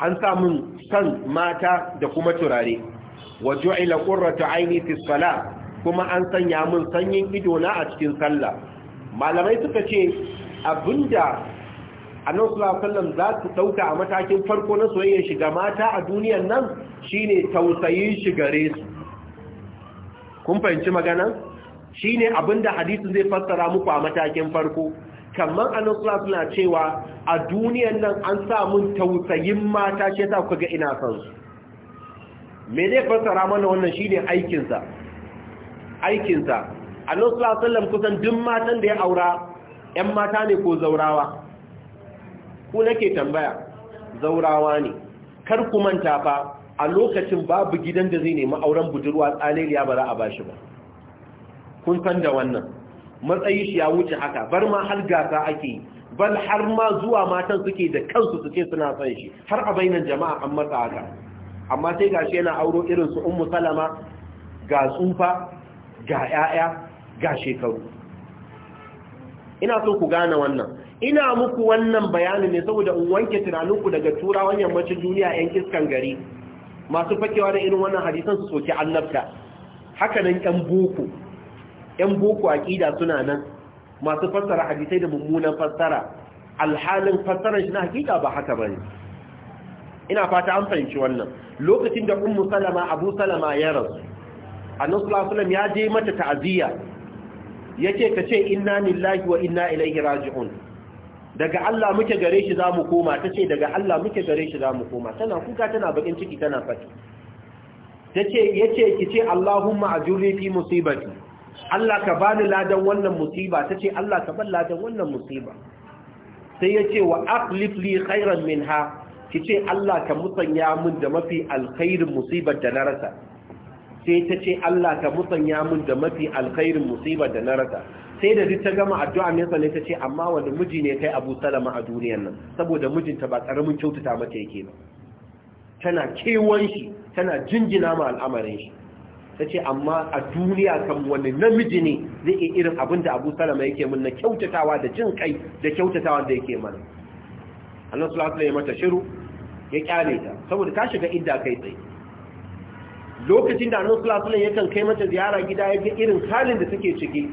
an samun san mata da kuma turare wa ju'ila qurratu aini fi kuma an sanya mun sanyin ido na a cikin sallah malamai suka ce abinda annabi sallallahu alaihi za su dauka a matakin farko na soyayyar shiga mata a duniyar nan shine tausayin shi gare su kun fahimci magana shine abinda hadisin zai fassara muku a matakin farko kamar anusula suna cewa a duniyan nan an samun tausayin mata ku ta ga ina son su me zai rama mana wannan shi ne aikinsa aikinsa anusula sallam kusan duk matan da ya aura 'yan mata ne ko zaurawa ku nake tambaya zaurawa ne kar ku manta fa a lokacin babu gidan da zai nemi auren budurwa tsaleliya ba za a bashi ba kun san da wannan matsayi shi ya wuce haka bar ma har gasa ake yi bal har ma zuwa matan suke da kansu suke suna son shi har a bainan jama'a an matsa haka amma sai gashi yana auro irin su ummu salama ga tsufa ga 'ya'ya ga shekaru ina so ku gane wannan ina muku wannan bayanin ne saboda in wanke tunaninku daga turawan yammacin duniya 'yan iskan gari masu fakewa da irin wannan hadisan su soke annabta haka nan 'yan boko yan boko ƙida suna nan masu fassara hadisai da mummunan fassara alhalin fassarar shi na hakika ba haka ne. ina fata an fahimci wannan lokacin da ummu salama abu salama ya rasu annabi sallallahu ya je mata ta'aziyya Ya ce ka ce inna lillahi wa inna ilaihi raji'un daga Allah muke gare shi mu koma ce daga Allah muke gare shi za mu koma tana kuka tana bakin ciki tana fati Ya ce ki ce Allahumma ajurni fi musibati Allah ka bani ladan wannan musiba tace Allah ka ban ladan wannan musiba sai ya ce wa aqlif li khairan minha kice Allah ka musanya min da mafi alkhairin musibar da na rasa sai tace Allah ka musanya min da mafi alkhairin musibar da na rasa sai da duk ta gama addu'a ne sai ce amma wani miji ne kai Abu Salama a duniyar nan saboda mijinta ba karamin kyautata mata yake ba tana kewan shi tana jinjina ma al'amarin shi ta amma a duniya kan wani namiji ne zai iya irin abin da abu salama yake min na kyautatawa da jin kai da kyautatawa da yake mana annan sulatu ya mata shiru ya kyale ta saboda ta shiga idda kai tsaye lokacin da annan sulatu ya kan kai mata ziyara gida ya ga irin halin da suke ciki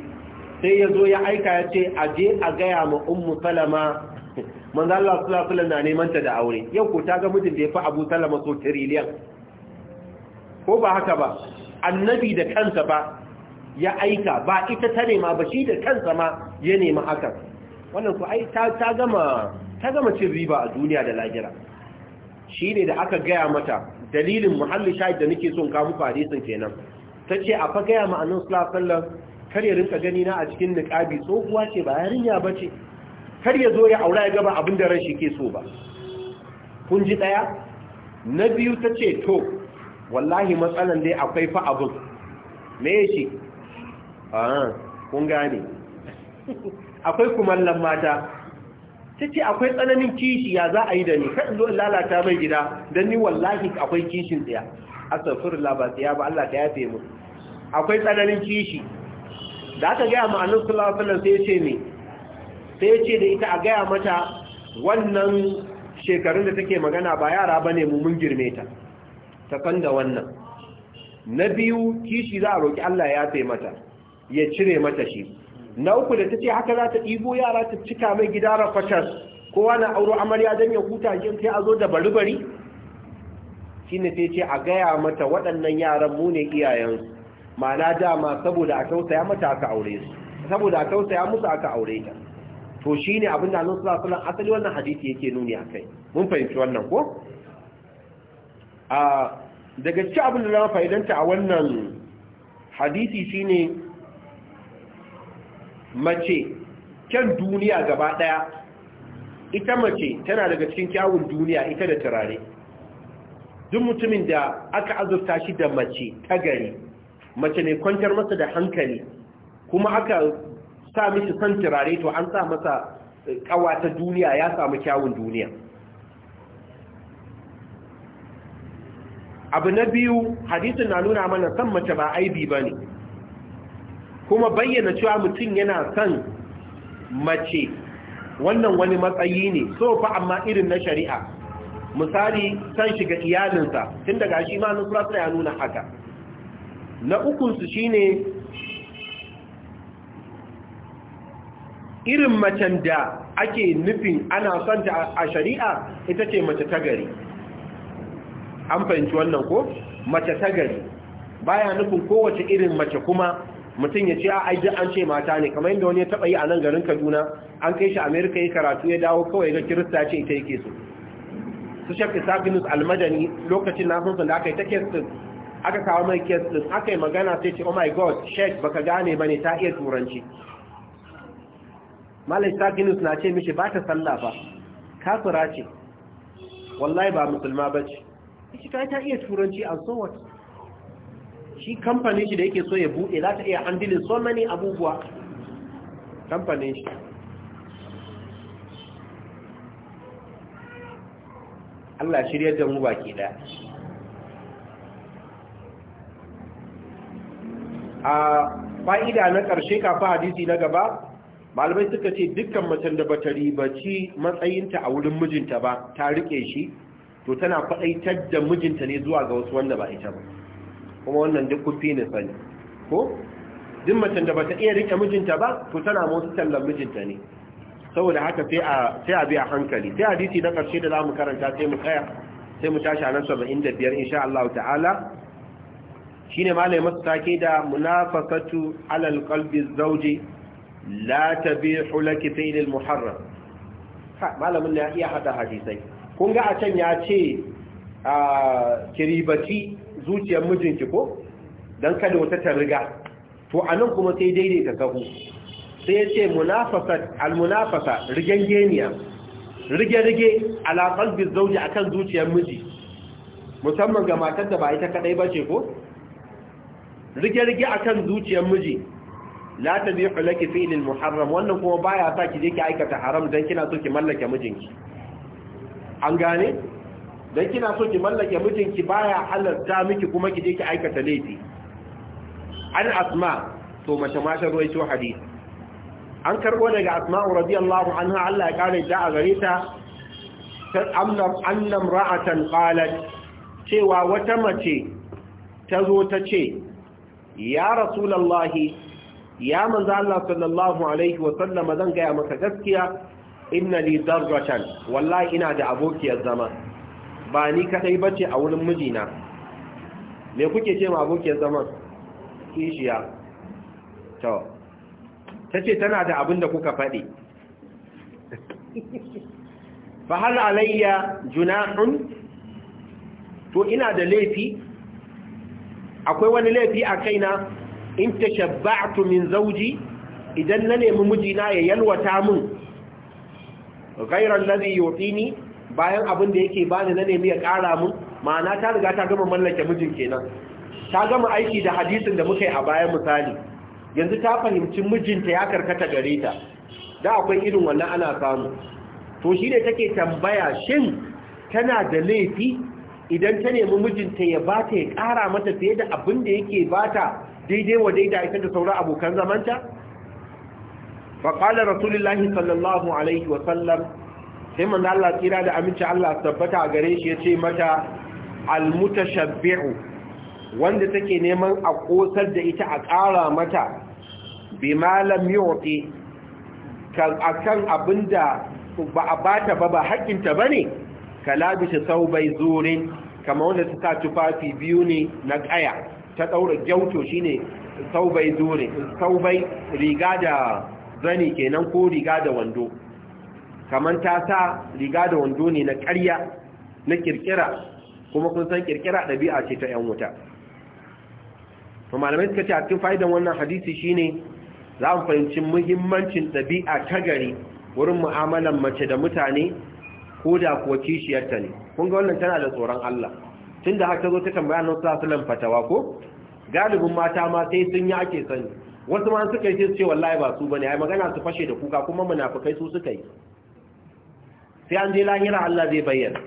sai ya zo ya aika ya ce a je a gaya ma ummu salama manzo Allah sulatu na neman ta da aure yau ko ta ga mijin da ya fi abu salama so tiriliyan ko ba haka ba annabi da kansa ba ya aika ba ita ta nema ba shi da kansa ma ya nema haka wannan ku ai ta gama ta gama cin riba a duniya da lagira shi ne da aka gaya mata dalilin muhalli shahid da nake son kamu sun kenan ta ce a fa gaya ma annan sulasallan kar ya rinka gani na a cikin niƙabi tsohuwa ce ba yarinya ba ce kar ya zo ya aura ya gaba abin da ran shi ke so ba kun ji ɗaya na biyu ta ce to wallahi matsalan dai akwai fa abun me shi ah kun gane akwai kumallon mata ta ce akwai tsananin kishi ya za a yi da ni kan zo lalata mai gida Dan ni wallahi akwai kishin tsaya asafir ba tsaya ba Allah ta yafe mu akwai tsananin kishi da aka gaya mu annabi sallallahu alaihi wasallam sai ce ne sai ce da ita a gaya mata wannan shekarun da take magana ba yara bane mu mun girme ta sakan da wannan na biyu kishi za a roƙi Allah ya fe mata ya cire mata shi na uku da ta ce haka za ta ɗibo yara ta cika mai gida rafatar kowa na auro amarya don ya huta jin sai a zo da bari-bari shi ne sai ce a gaya mata waɗannan yaran mu ne iyayensu ma'ana dama saboda a tausaya mata aka aure su saboda a tausaya musu aka aure ta to shi ne abin da annabi sallallahu alaihi asali wannan hadisi yake nuni kai. mun fahimci wannan ko ah, daga ci abin da na fa'idanta a wannan hadisi shine mace kyan duniya gaba ɗaya ita mace tana daga cikin kyawun duniya ita da turare duk mutumin da aka azurta shi da mace ta gari mace ne kwantar masa da hankali kuma aka sa mishi san turare to an sa masa kawata duniya ya samu kyawun duniya abu na biyu hadisin na nuna mana san mace ba aibi ba ne kuma bayyana cewa mutum yana san mace wannan wani matsayi ne so fa amma irin na shari'a misali san shiga iyalinsa tun daga shi ma nusratul ya nuna haka na ukunsu shine irin macen da ake nufin ana son ta a shari'a ita ce mace ta gari an fahimci wannan ko mace ta gari baya nufin kowace irin mace kuma mutum ya ce a aiji an ce mata ne kamar yadda wani ya taɓa yi a nan garin kaduna an kai shi amerika ya karatu ya dawo kawai ga kirista ce ita yake so su shafi sabinus almadani lokacin na sun da aka yi ta kestin aka kawo mai kestin aka yi magana sai ce oh my god shek baka gane ba ne ta iya turanci malai sabinus na ce mishi ba ta sallah ba kafira ce wallahi ba musulma ba ce shi ta ta iya turanci a so wata. shi kamfanin shi da yake so ya buɗe za ta iya handilin so many abubuwa kamfanin shi Allah shirya da mu baki ɗaya a fa'ida na ƙarshe kafin hadisi na gaba malamai suka ce dukkan macen da bata ribaci matsayinta a wurin mijinta ba ta rike shi to tana faɗaitar da mijinta ne zuwa ga wasu wanda ba ita ba kuma wannan duk kufi ne sani ko duk macen da bata iya rike mijinta ba to tana motsi tallan mijinta ne saboda haka sai a sai a bi a hankali sai hadisi na karshe da zamu karanta sai mu tsaya sai mu tashi a nan 75 insha Allah ta'ala shine malai masu take da munafasatu alal qalbi zawji la tabihu laki fi'l al muharram malamin ya iya hada hadisai kun ga a can ya ce a ah, kiribati zuciyar mijinki ko don kada wata ta riga to a nan kuma sai daidaita sahu sai ya ce almunafasa rigen geniya rige-rige alaƙar bizzauni a kan zuciyar miji musamman ga matar da ba ita kaɗai ba ce ko? rige-rige a kan zuciyar miji la ta biyu kulaki muharram wannan kuma baya sa ki je ki aikata haram don kina so ki mallake mijinki an gane dan kina so ki mallake mijinki baya halarta miki kuma ki je ki aikata laifi an asma to mace ma ta ruwaito hadisi an karbo daga asma'u radiyallahu anha Allah ya kare da a gare ta annam annam ra'atan qalat cewa wata mace ta zo ta ce ya rasulullahi ya manzo Allah sallallahu alaihi wa sallam zan ga maka gaskiya inna li darratan wallahi ina da abokiyar zama ba ni kadai bace a wurin mijina me kuke ce ma abokiyar zama kishiya to tace tana da abin da kuka fadi fa hal alayya junahun to ina da laifi akwai wani laifi a kaina in tashabba'tu min zawji idan na nemi mijina ya yalwata min ghayra alladhi ni bayan abin da yake bani na nemi ya kara mu ma'ana ta riga ta gama mallake mijin kenan ta gama aiki da hadisin da muka yi a bayan misali yanzu ta fahimci mijinta ya karkata gare ta da akwai irin wannan ana samu to shi ne take tambaya shin tana da laifi idan ta nemi mijinta ya ba ta ya ƙara mata fiye da abin da yake ba ta daidai wa daida ita da sauran abokan zamanta faƙalar rasulullahi sallallahu alaihi wasallam sai manzo Allah tsira da aminci Allah tabbata a gare shi ya ce mata almutashabbi'u wanda take neman a ƙosar da ita a ƙara mata bima A kan abin abinda ba a bata ba ba haƙinta bane kalabishi saubai zurin kama wanda ta sa tufafi biyu ne na ƙaya ta ɗaura gyauto shine saubai zurin saubai riga da zani kenan ko riga da wando kamar ta sa riga da wando ne na ƙarya na kirkira kuma kun san kirkira ɗabi'a ce ta 'yan wuta to malamai suka ce a cikin fa'idan wannan hadisi shine za mu fahimci muhimmancin ɗabi'a ta gari wurin mu'amalan mace da mutane ko da kuwa kishiyarta ne kun ga wannan tana da tsoron Allah tunda haka zo ta tambaya nan sallallahu alaihi fatawa ko galibin mata ma sai sun yi ake sani wasu ma suka yi sai ce wallahi ba su bane ai magana su fashe da kuka kuma munafikai su suka yi sai an je lahira Allah zai bayyana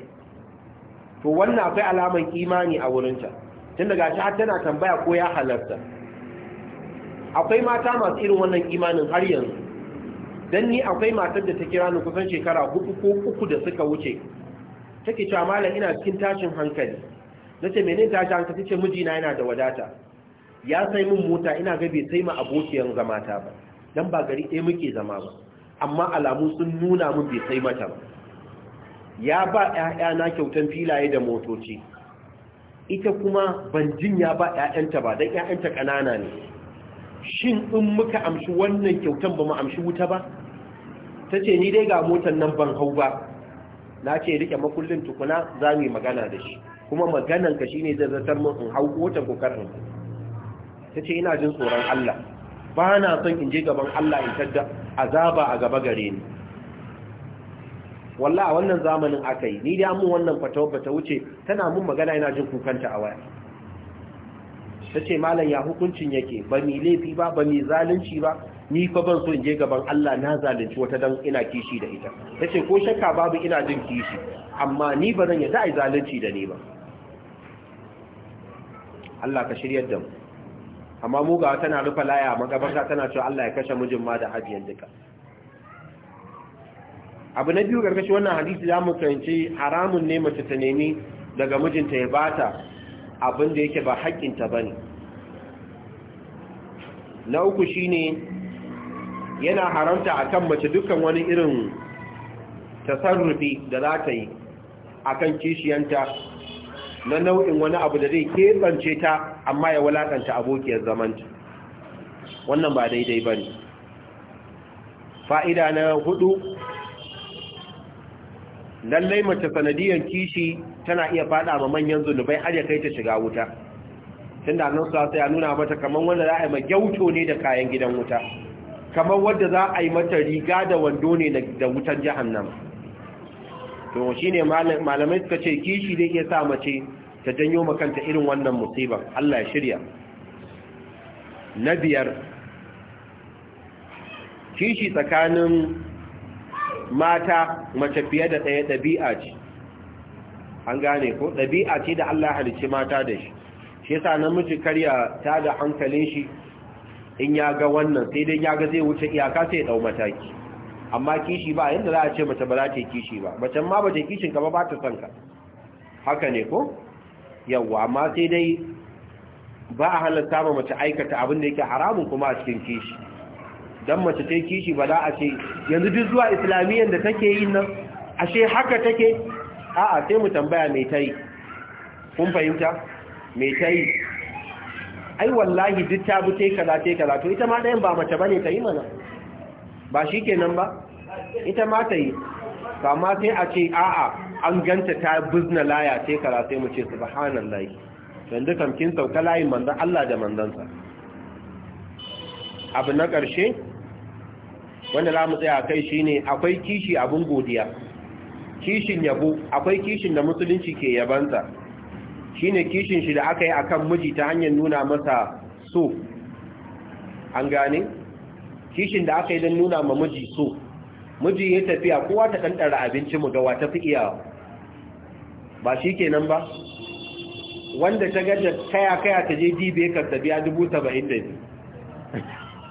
to wannan akwai alaman imani a wurinta tun daga shi har tana tambaya ko ya halarta akwai mata masu irin wannan imanin har yanzu dan ni akwai matar da ta kira ni kusan shekara hudu ko uku da suka wuce take cewa malam ina cikin tashin hankali nace menene tashin hankali ce mijina yana da wadata ya sai min mota ina ga bai sai ma abokiyan zamata ta ba dan ba gari ɗaya muke zama ba amma alamu sun nuna min bai sai mata ba ya ba na kyautan filaye da motoci ita kuma ban jinya ba ‘ya'yanta ba don ‘ya'yanta kanana ne shin in muka amshi wannan kyautan ba mu amshi wuta ba tace ni dai ga motan nan ban hau ba na ce rike makullin tukuna za mu yi magana da shi kuma maganan ka shine zai zartar mun in hau motan ko karin ta ce ina jin tsoron Allah ba na son in je gaban Allah in tadda azaba a gaba gare ni walla a wannan zamanin aka yi ni da mun wannan fata bata wuce tana mun magana ina jin kukanta a waya ta ce malam ya hukuncin yake ba mi laifi ba ba mi zalunci ba ni fa ban so in je gaban Allah na zalunci wata dan ina kishi da ita ta ce ko shakka babu ina jin kishi amma ni ba zan yi zalunci da ni ba Allah ka shiryar da mu amma mugawa tana rufa laya magabarta tana cewa Allah ya kashe mijin ma da hajiyan duka abu na biyu gargashi wannan hadisi za mu fahimci haramun ne mace ta nemi daga mijinta ya bata abin da yake ba haƙƙinta ba ne na uku shine yana haramta akan mace dukkan wani irin tasarrufi da za ta yi akan kishiyanta na nau'in wani abu da zai keɓance ta amma ya walakanta abokiyar zamanta wannan ba daidai ba ne fa'ida na hudu lallai mace sanadiyar kishi tana iya fada ma manyan zunubai har ya kai ta shiga wuta tun da nan sai ya nuna mata kamar wanda za a yi magyauto ne da kayan gidan wuta kamar wadda za a yi mata riga da wando ne da wutan jahannama to shine malamai suka ce kishi da iya sa mace ta janyo makanta irin wannan musibar Allah ya shirya na biyar kishi tsakanin mata mace fiye da ɗaya ɗabi'a ce an gane ko ɗabi'a ce da Allah halicci mata da shi shi yasa namiji karya ta da hankalin shi in ya ga wannan sai dai ya ga zai wuce iyaka sai ya ɗau mataki amma kishi ba yadda za a ce mace ba za ta yi kishi ba mace ma ba ta kishin ka ba ba ta son ka haka ne ko yawwa amma sai dai ba a halatta ba mace aikata abin da yake haramun kuma a cikin kishi dan mace ta yi kishi ba za a ce yanzu duk zuwa islamiyyar da take yin nan ashe haka take a'a sai mu tambaya mai ta yi kun fahimta mai ta yi ai wallahi duk ta bi ta kaza ta kaza to ita ma ɗayan ba mace bane ta yi mana ba shi kenan ba ita ma ta yi kama sai a ce a'a an ganta ta bizna laya ce kara sai mu ce layi yanzu kam kin sauka layin manzan Allah da manzansa abu na ƙarshe wanda za mu tsaya kai shine akwai kishi abin godiya kishin yabo akwai kishin da musulunci ke yabansa shine kishin shi da aka yi akan miji ta hanyar nuna masa so an gane kishin da aka yi don nuna ma miji so miji ya tafiya kowa ta kantara abinci mu gawa ta fi iyawa ba shi kenan ba wanda ta gajar kaya-kaya ta je dibe ka a dubu saba'in da biyu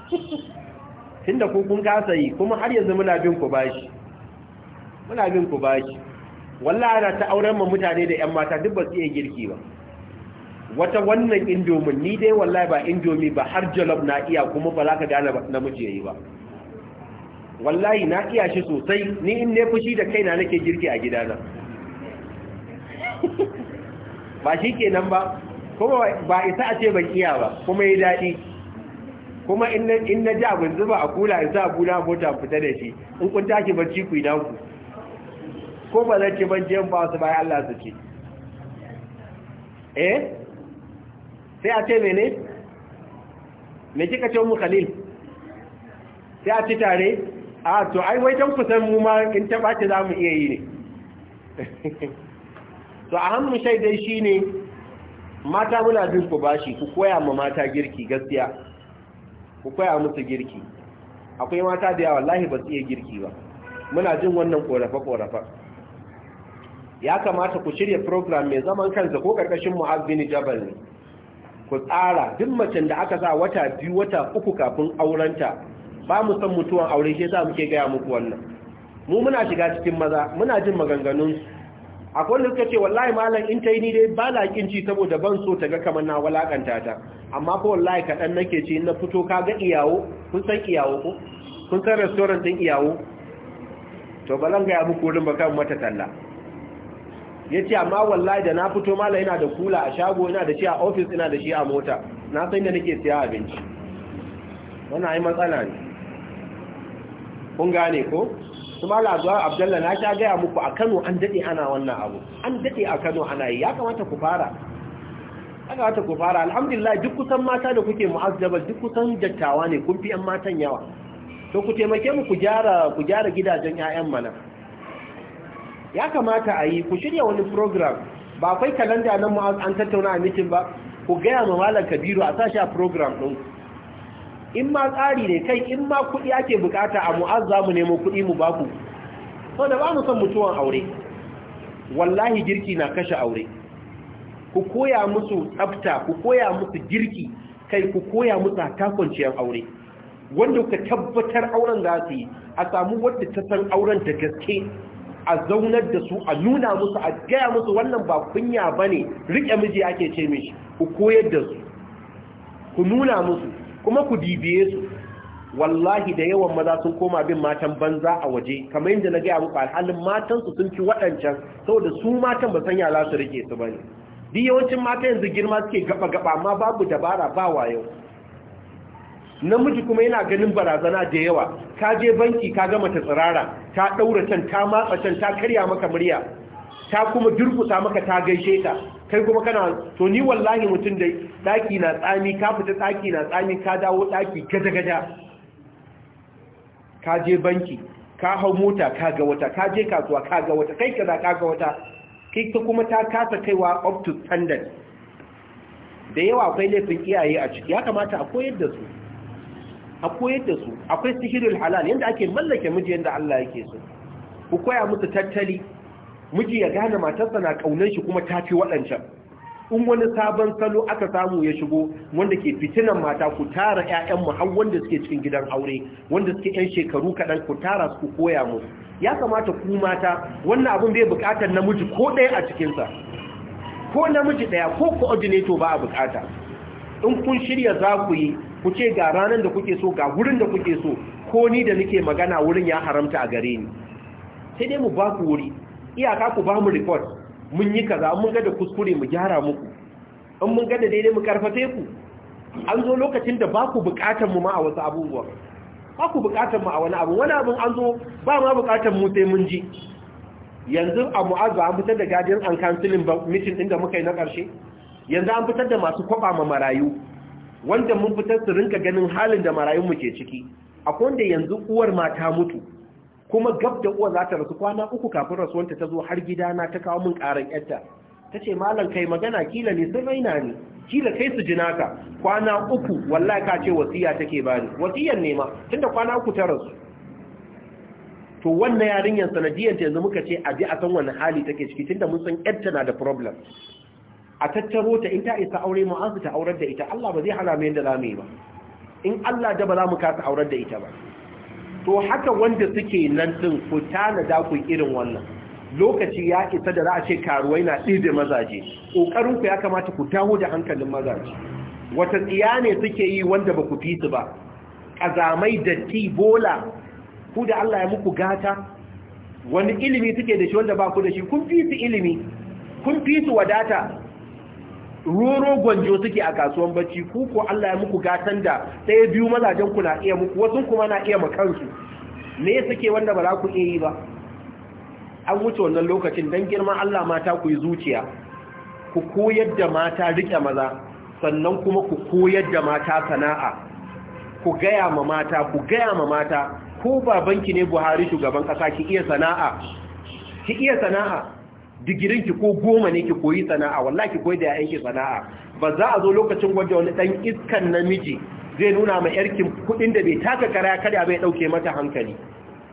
tun da kun kasa yi kuma har yanzu muna bin ku bashi muna bin ku bashi wallah ana ta auren ma mutane da 'yan mata duk ba su iya girki ba wata wannan indomin ni dai wallahi ba indomi ba har jalof na iya kuma ba za ka gane namiji yayi ba wallahi na iya shi sosai ni in ne fushi da kaina nake girki a gidana ba shi kenan ba kuma ba isa a ce ban iya ba kuma yi daɗi kuma in na ji abin zuba a kula in sa a kula mota fita da shi in kun tashi barci ku idan ku ko ba zai ce ban je ba su bayan Allah su ce eh sai a ce mene me kika ce mu khalil sai a ci tare a to ai wai dan kusan mu ma in ta ce za mu iya yi ne to a hannun shaidai shine mata muna bin ku bashi ku koya ma mata girki gaskiya ku koya musu girki akwai mata da yawa wallahi ba su iya girki ba muna jin wannan korafa-korafa ya kamata ku shirya program mai zaman kansa ko karkashin mu'azzini jabal ne ku tsara duk macen da aka sa wata biyu wata uku kafin aurenta ba mu san mutuwan aure shi yasa muke gaya muku wannan mu muna shiga cikin maza muna jin maganganun akwai wanda suka ce wallahi malam in ta yi ni dai ba na ci saboda ban so ta ga kamar na walakanta ta amma ko wallahi kaɗan nake ci na fito ka ga iyawo kun san iyawo ko kun san restaurant din iyawo to balan ga ya muku wurin ba kan mata talla ya ce amma wallahi da na fito mala yana da kula a shago yana da shi a ofis yana da shi a mota na san da nake siya abinci wannan ai matsala ne kun gane ko su mala zuwa abdalla na sha gaya muku a kano an daɗe ana wannan abu an daɗe a kano ana yi ya kamata ku fara Ya kamata ku fara alhamdulillah duk kusan mata da kuke mu'azzabal duk kusan dattawa ne kun fi 'yan matan yawa to ku taimake mu ku gyara ku gyara gidajen 'ya'yan mana ya kamata a yi ku shirya wani program ba akwai kalanda nan mu an tattauna a meeting ba ku gaya ma malam kabiru a sashi a program ɗin in ma tsari ne kai in ma kuɗi ake bukata a mu'azza mu nemo kuɗi mu ba ku. da ba mu son mutuwan aure wallahi girki na kashe aure ku koya musu tsafta ku koya musu girki kai ku koya musu takwanciyar aure wanda ka tabbatar auren za su yi a samu wadda ta san auren da gaske a zaunar da su a nuna musu a gaya musu wannan ba kunya ba ne riƙe miji ake ce mishi ku koyar da su ku nuna musu kuma ku dibiye su wallahi da yawan maza sun koma bin matan banza a waje kamar yadda na gaya muku alhalin matansu sun ci waɗancan saboda su matan ba sanya za su riƙe su ba ne duk yawancin mata yanzu girma suke gaba gaba amma babu dabara ba wayo namiji kuma yana ganin barazana da yawa ka je banki ka gama ta tsirara ta daura can ta matsa can ta karya maka murya ta kuma durkusa maka ta gaishe ta. kai kuma kana to ni wallahi mutum da daki na tsami ka fita daki na tsami ka dawo daki gada-gada, ka je banki ka hau mota ka ga wata ka je kasuwa ka ga wata kai kaza ka ga wata kai ta kuma ta kasa kaiwa up to standard da yawa akwai laifin iyaye a ciki ya kamata a koyar da su a koyar da su akwai sihirul halal yanda ake mallake miji yanda Allah yake so ku koya musu tattali miji ya gane matarsa na kaunar shi kuma tafi waɗancan in wani sabon salo aka samu ya shigo wanda ke fitinan mata ku tara ƴaƴan mu har wanda suke cikin gidan aure wanda suke ƴan shekaru kaɗan ku tara su ku koya musu ya kamata ku mata wannan abun bai buƙatar namiji ko ɗaya a cikinsa ko namiji ɗaya ko coordinator ba a buƙata in kun shirya za ku yi ku ce ga ranar da kuke so ga wurin da kuke so ko ni da nake magana wurin ya haramta a gare ni sai dai mu ba ku wuri iyaka ku ba mu report mun yi kaza mun ga da kuskure mu gyara muku in mun ga da daidai mu karfafe ku an zo lokacin da ba ku bukatar mu ma a wasu abubuwa ba ku bukatar mu a wani abu wani abun an zo ba ma bukatar mu sai mun ji yanzu a mu'azza an fitar da guardian and counseling meeting din da muka yi na karshe yanzu an fitar da masu kwaba ma marayu wanda mun fitar su rinka ganin halin da marayunmu ke ciki akwai wanda yanzu uwar mata mutu kuma gab da uwa za ta rasu kwana uku kafin rasuwanta ta zo har gidana ta kawo min ƙaran yarta ta ce malam kai magana kila ne sun raina ne kila kai su ji kwana uku wallahi ka ce wasiya take bani wasiyar ne ma tunda kwana uku ta rasu to wannan yarinyar sanadiyar yanzu muka ce a ji a san wani hali take ciki tunda mun san yarta na da problem a tattaro ta in ta isa aure mu an ta aurar da ita Allah ba zai hana mu yanda zamu yi ba in Allah da ba za mu kasa aurar da ita ba to haka wanda suke nan din ku tanada da ku irin wannan lokaci ya isa da za a ce karuwai na dide mazaje kokarin ku ya kamata ku taho da hankalin mazaje wata tsiya ne suke yi wanda ba ku fi su ba ƙazamai datti bola ku da Allah ya muku gata wani ilimi suke da shi wanda ba ku da shi kun fi ilimi kun fi wadata roro gwanjo suke a kasuwan bacci ku ko Allah ya muku gatan da sai biyu mazajen ku na iya muku wasu kuma na iya makansu me suke wanda ba za ku iya yi ba an wuce wannan lokacin dan girma Allah mata ku yi zuciya ku koyar da mata rike maza sannan kuma ku koyar da mata sana'a ku gaya ma mata ku gaya ma mata ko babanki ne Buhari shugaban kasa ki iya sana'a ki iya sana'a digirin ki ko goma ne ki koyi sana'a wallahi ki koyi da yayin ki sana'a ba za a zo lokacin gwaje wani dan iskan namiji zai nuna ma yarkin kudin da bai taka kara kada bai dauke mata hankali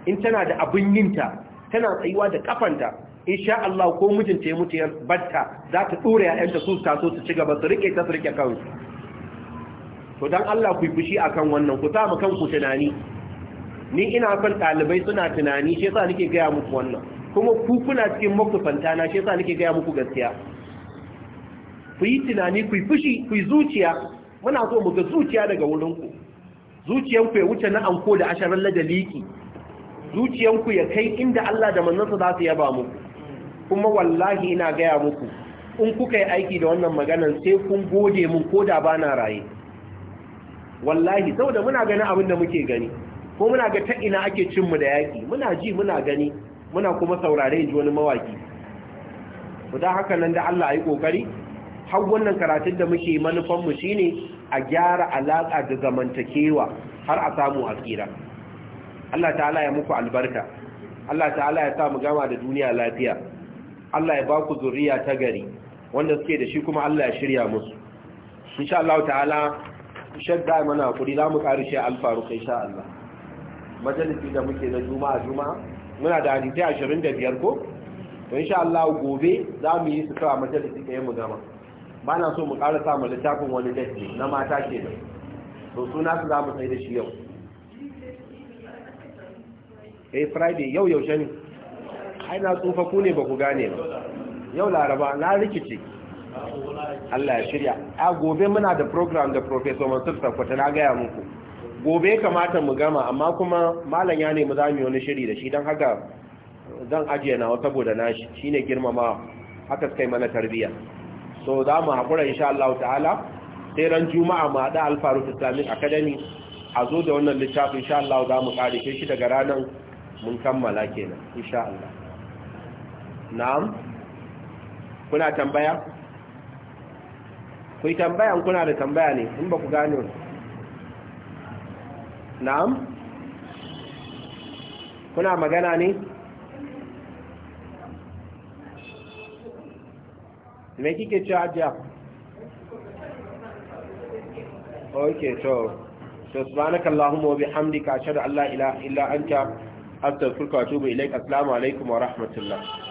in tana da abin yinta tana tsayuwa da kafanta insha Allah ko mijinta ya mutu ya batta za ta dore yayanta su taso su ci gaba su rike ta su rike kansu to dan Allah ku fushi akan wannan ku sa mu kanku tunani ni ina son dalibai suna tunani shi yasa nake ga muku wannan kuma ku kuna cikin makufanta na shi yasa nake gaya muku gaskiya ku yi tunani ku fushi ku zuciya muna so mu ga zuciya daga wurin wurinku zuciyanku ya wuce na anko da asharar ladaliki zuciyanku ya kai inda Allah da manzansa za su yaba muku kuma wallahi ina gaya muku in kuka yi aiki da wannan magana sai kun gode mun ko da bana raye wallahi saboda muna ganin abin da muke gani ko muna ga ta ina ake cin mu da yaki muna ji muna gani muna kuma saurare ji wani mawaki ku da haka nan da Allah ya yi kokari har wannan karatun da muke manufan mu shine a gyara alaƙa da zamantakewa har a samu akira Allah ta'ala ya muku albarka Allah ta'ala ya sa mu gama da duniya lafiya Allah ya ba ku zuriya ta gari wanda suke da shi kuma Allah ya shirya musu insha Allah ta'ala shadda mana kuri za mu karishe alfaru sha Allah majalisi da muke na juma'a juma'a muna da hadisai biyar ko to insha Allah gobe za mu yi su kawa majalisi yi mu gama ba na so mu ƙara samun littafin wani datti na mata ke nan to suna su za mu sai da shi yau eh friday yau yaushe ne ai na tsufa ku ne ba ku gane ba yau laraba na rikice Allah ya shirya a gobe muna da program da professor Mansur Sakwata na gaya muku gobe kamata mu gama amma kuma malam ya nemi za mu yi wani shiri da shi don haka zan ajiye nawa saboda shi ne girmama haka kai mana tarbiyya so za mu haƙura insha Allah ta'ala sai ran juma'a mu haɗa alfaru islamic academy a zo da wannan littafin insha Allah za mu ƙare shi daga ranar mun kammala kenan insha Allah na'am kuna tambaya Kuyi tambaya kuna da tambaya ne in ba ku gane na'am kuna magana ne me kike ci ajiya ok to to subhanaka allahumma wa bihamdika ashhadu an la ilaha illa anta astaghfiruka wa atubu ilaik assalamu alaikum wa rahmatullah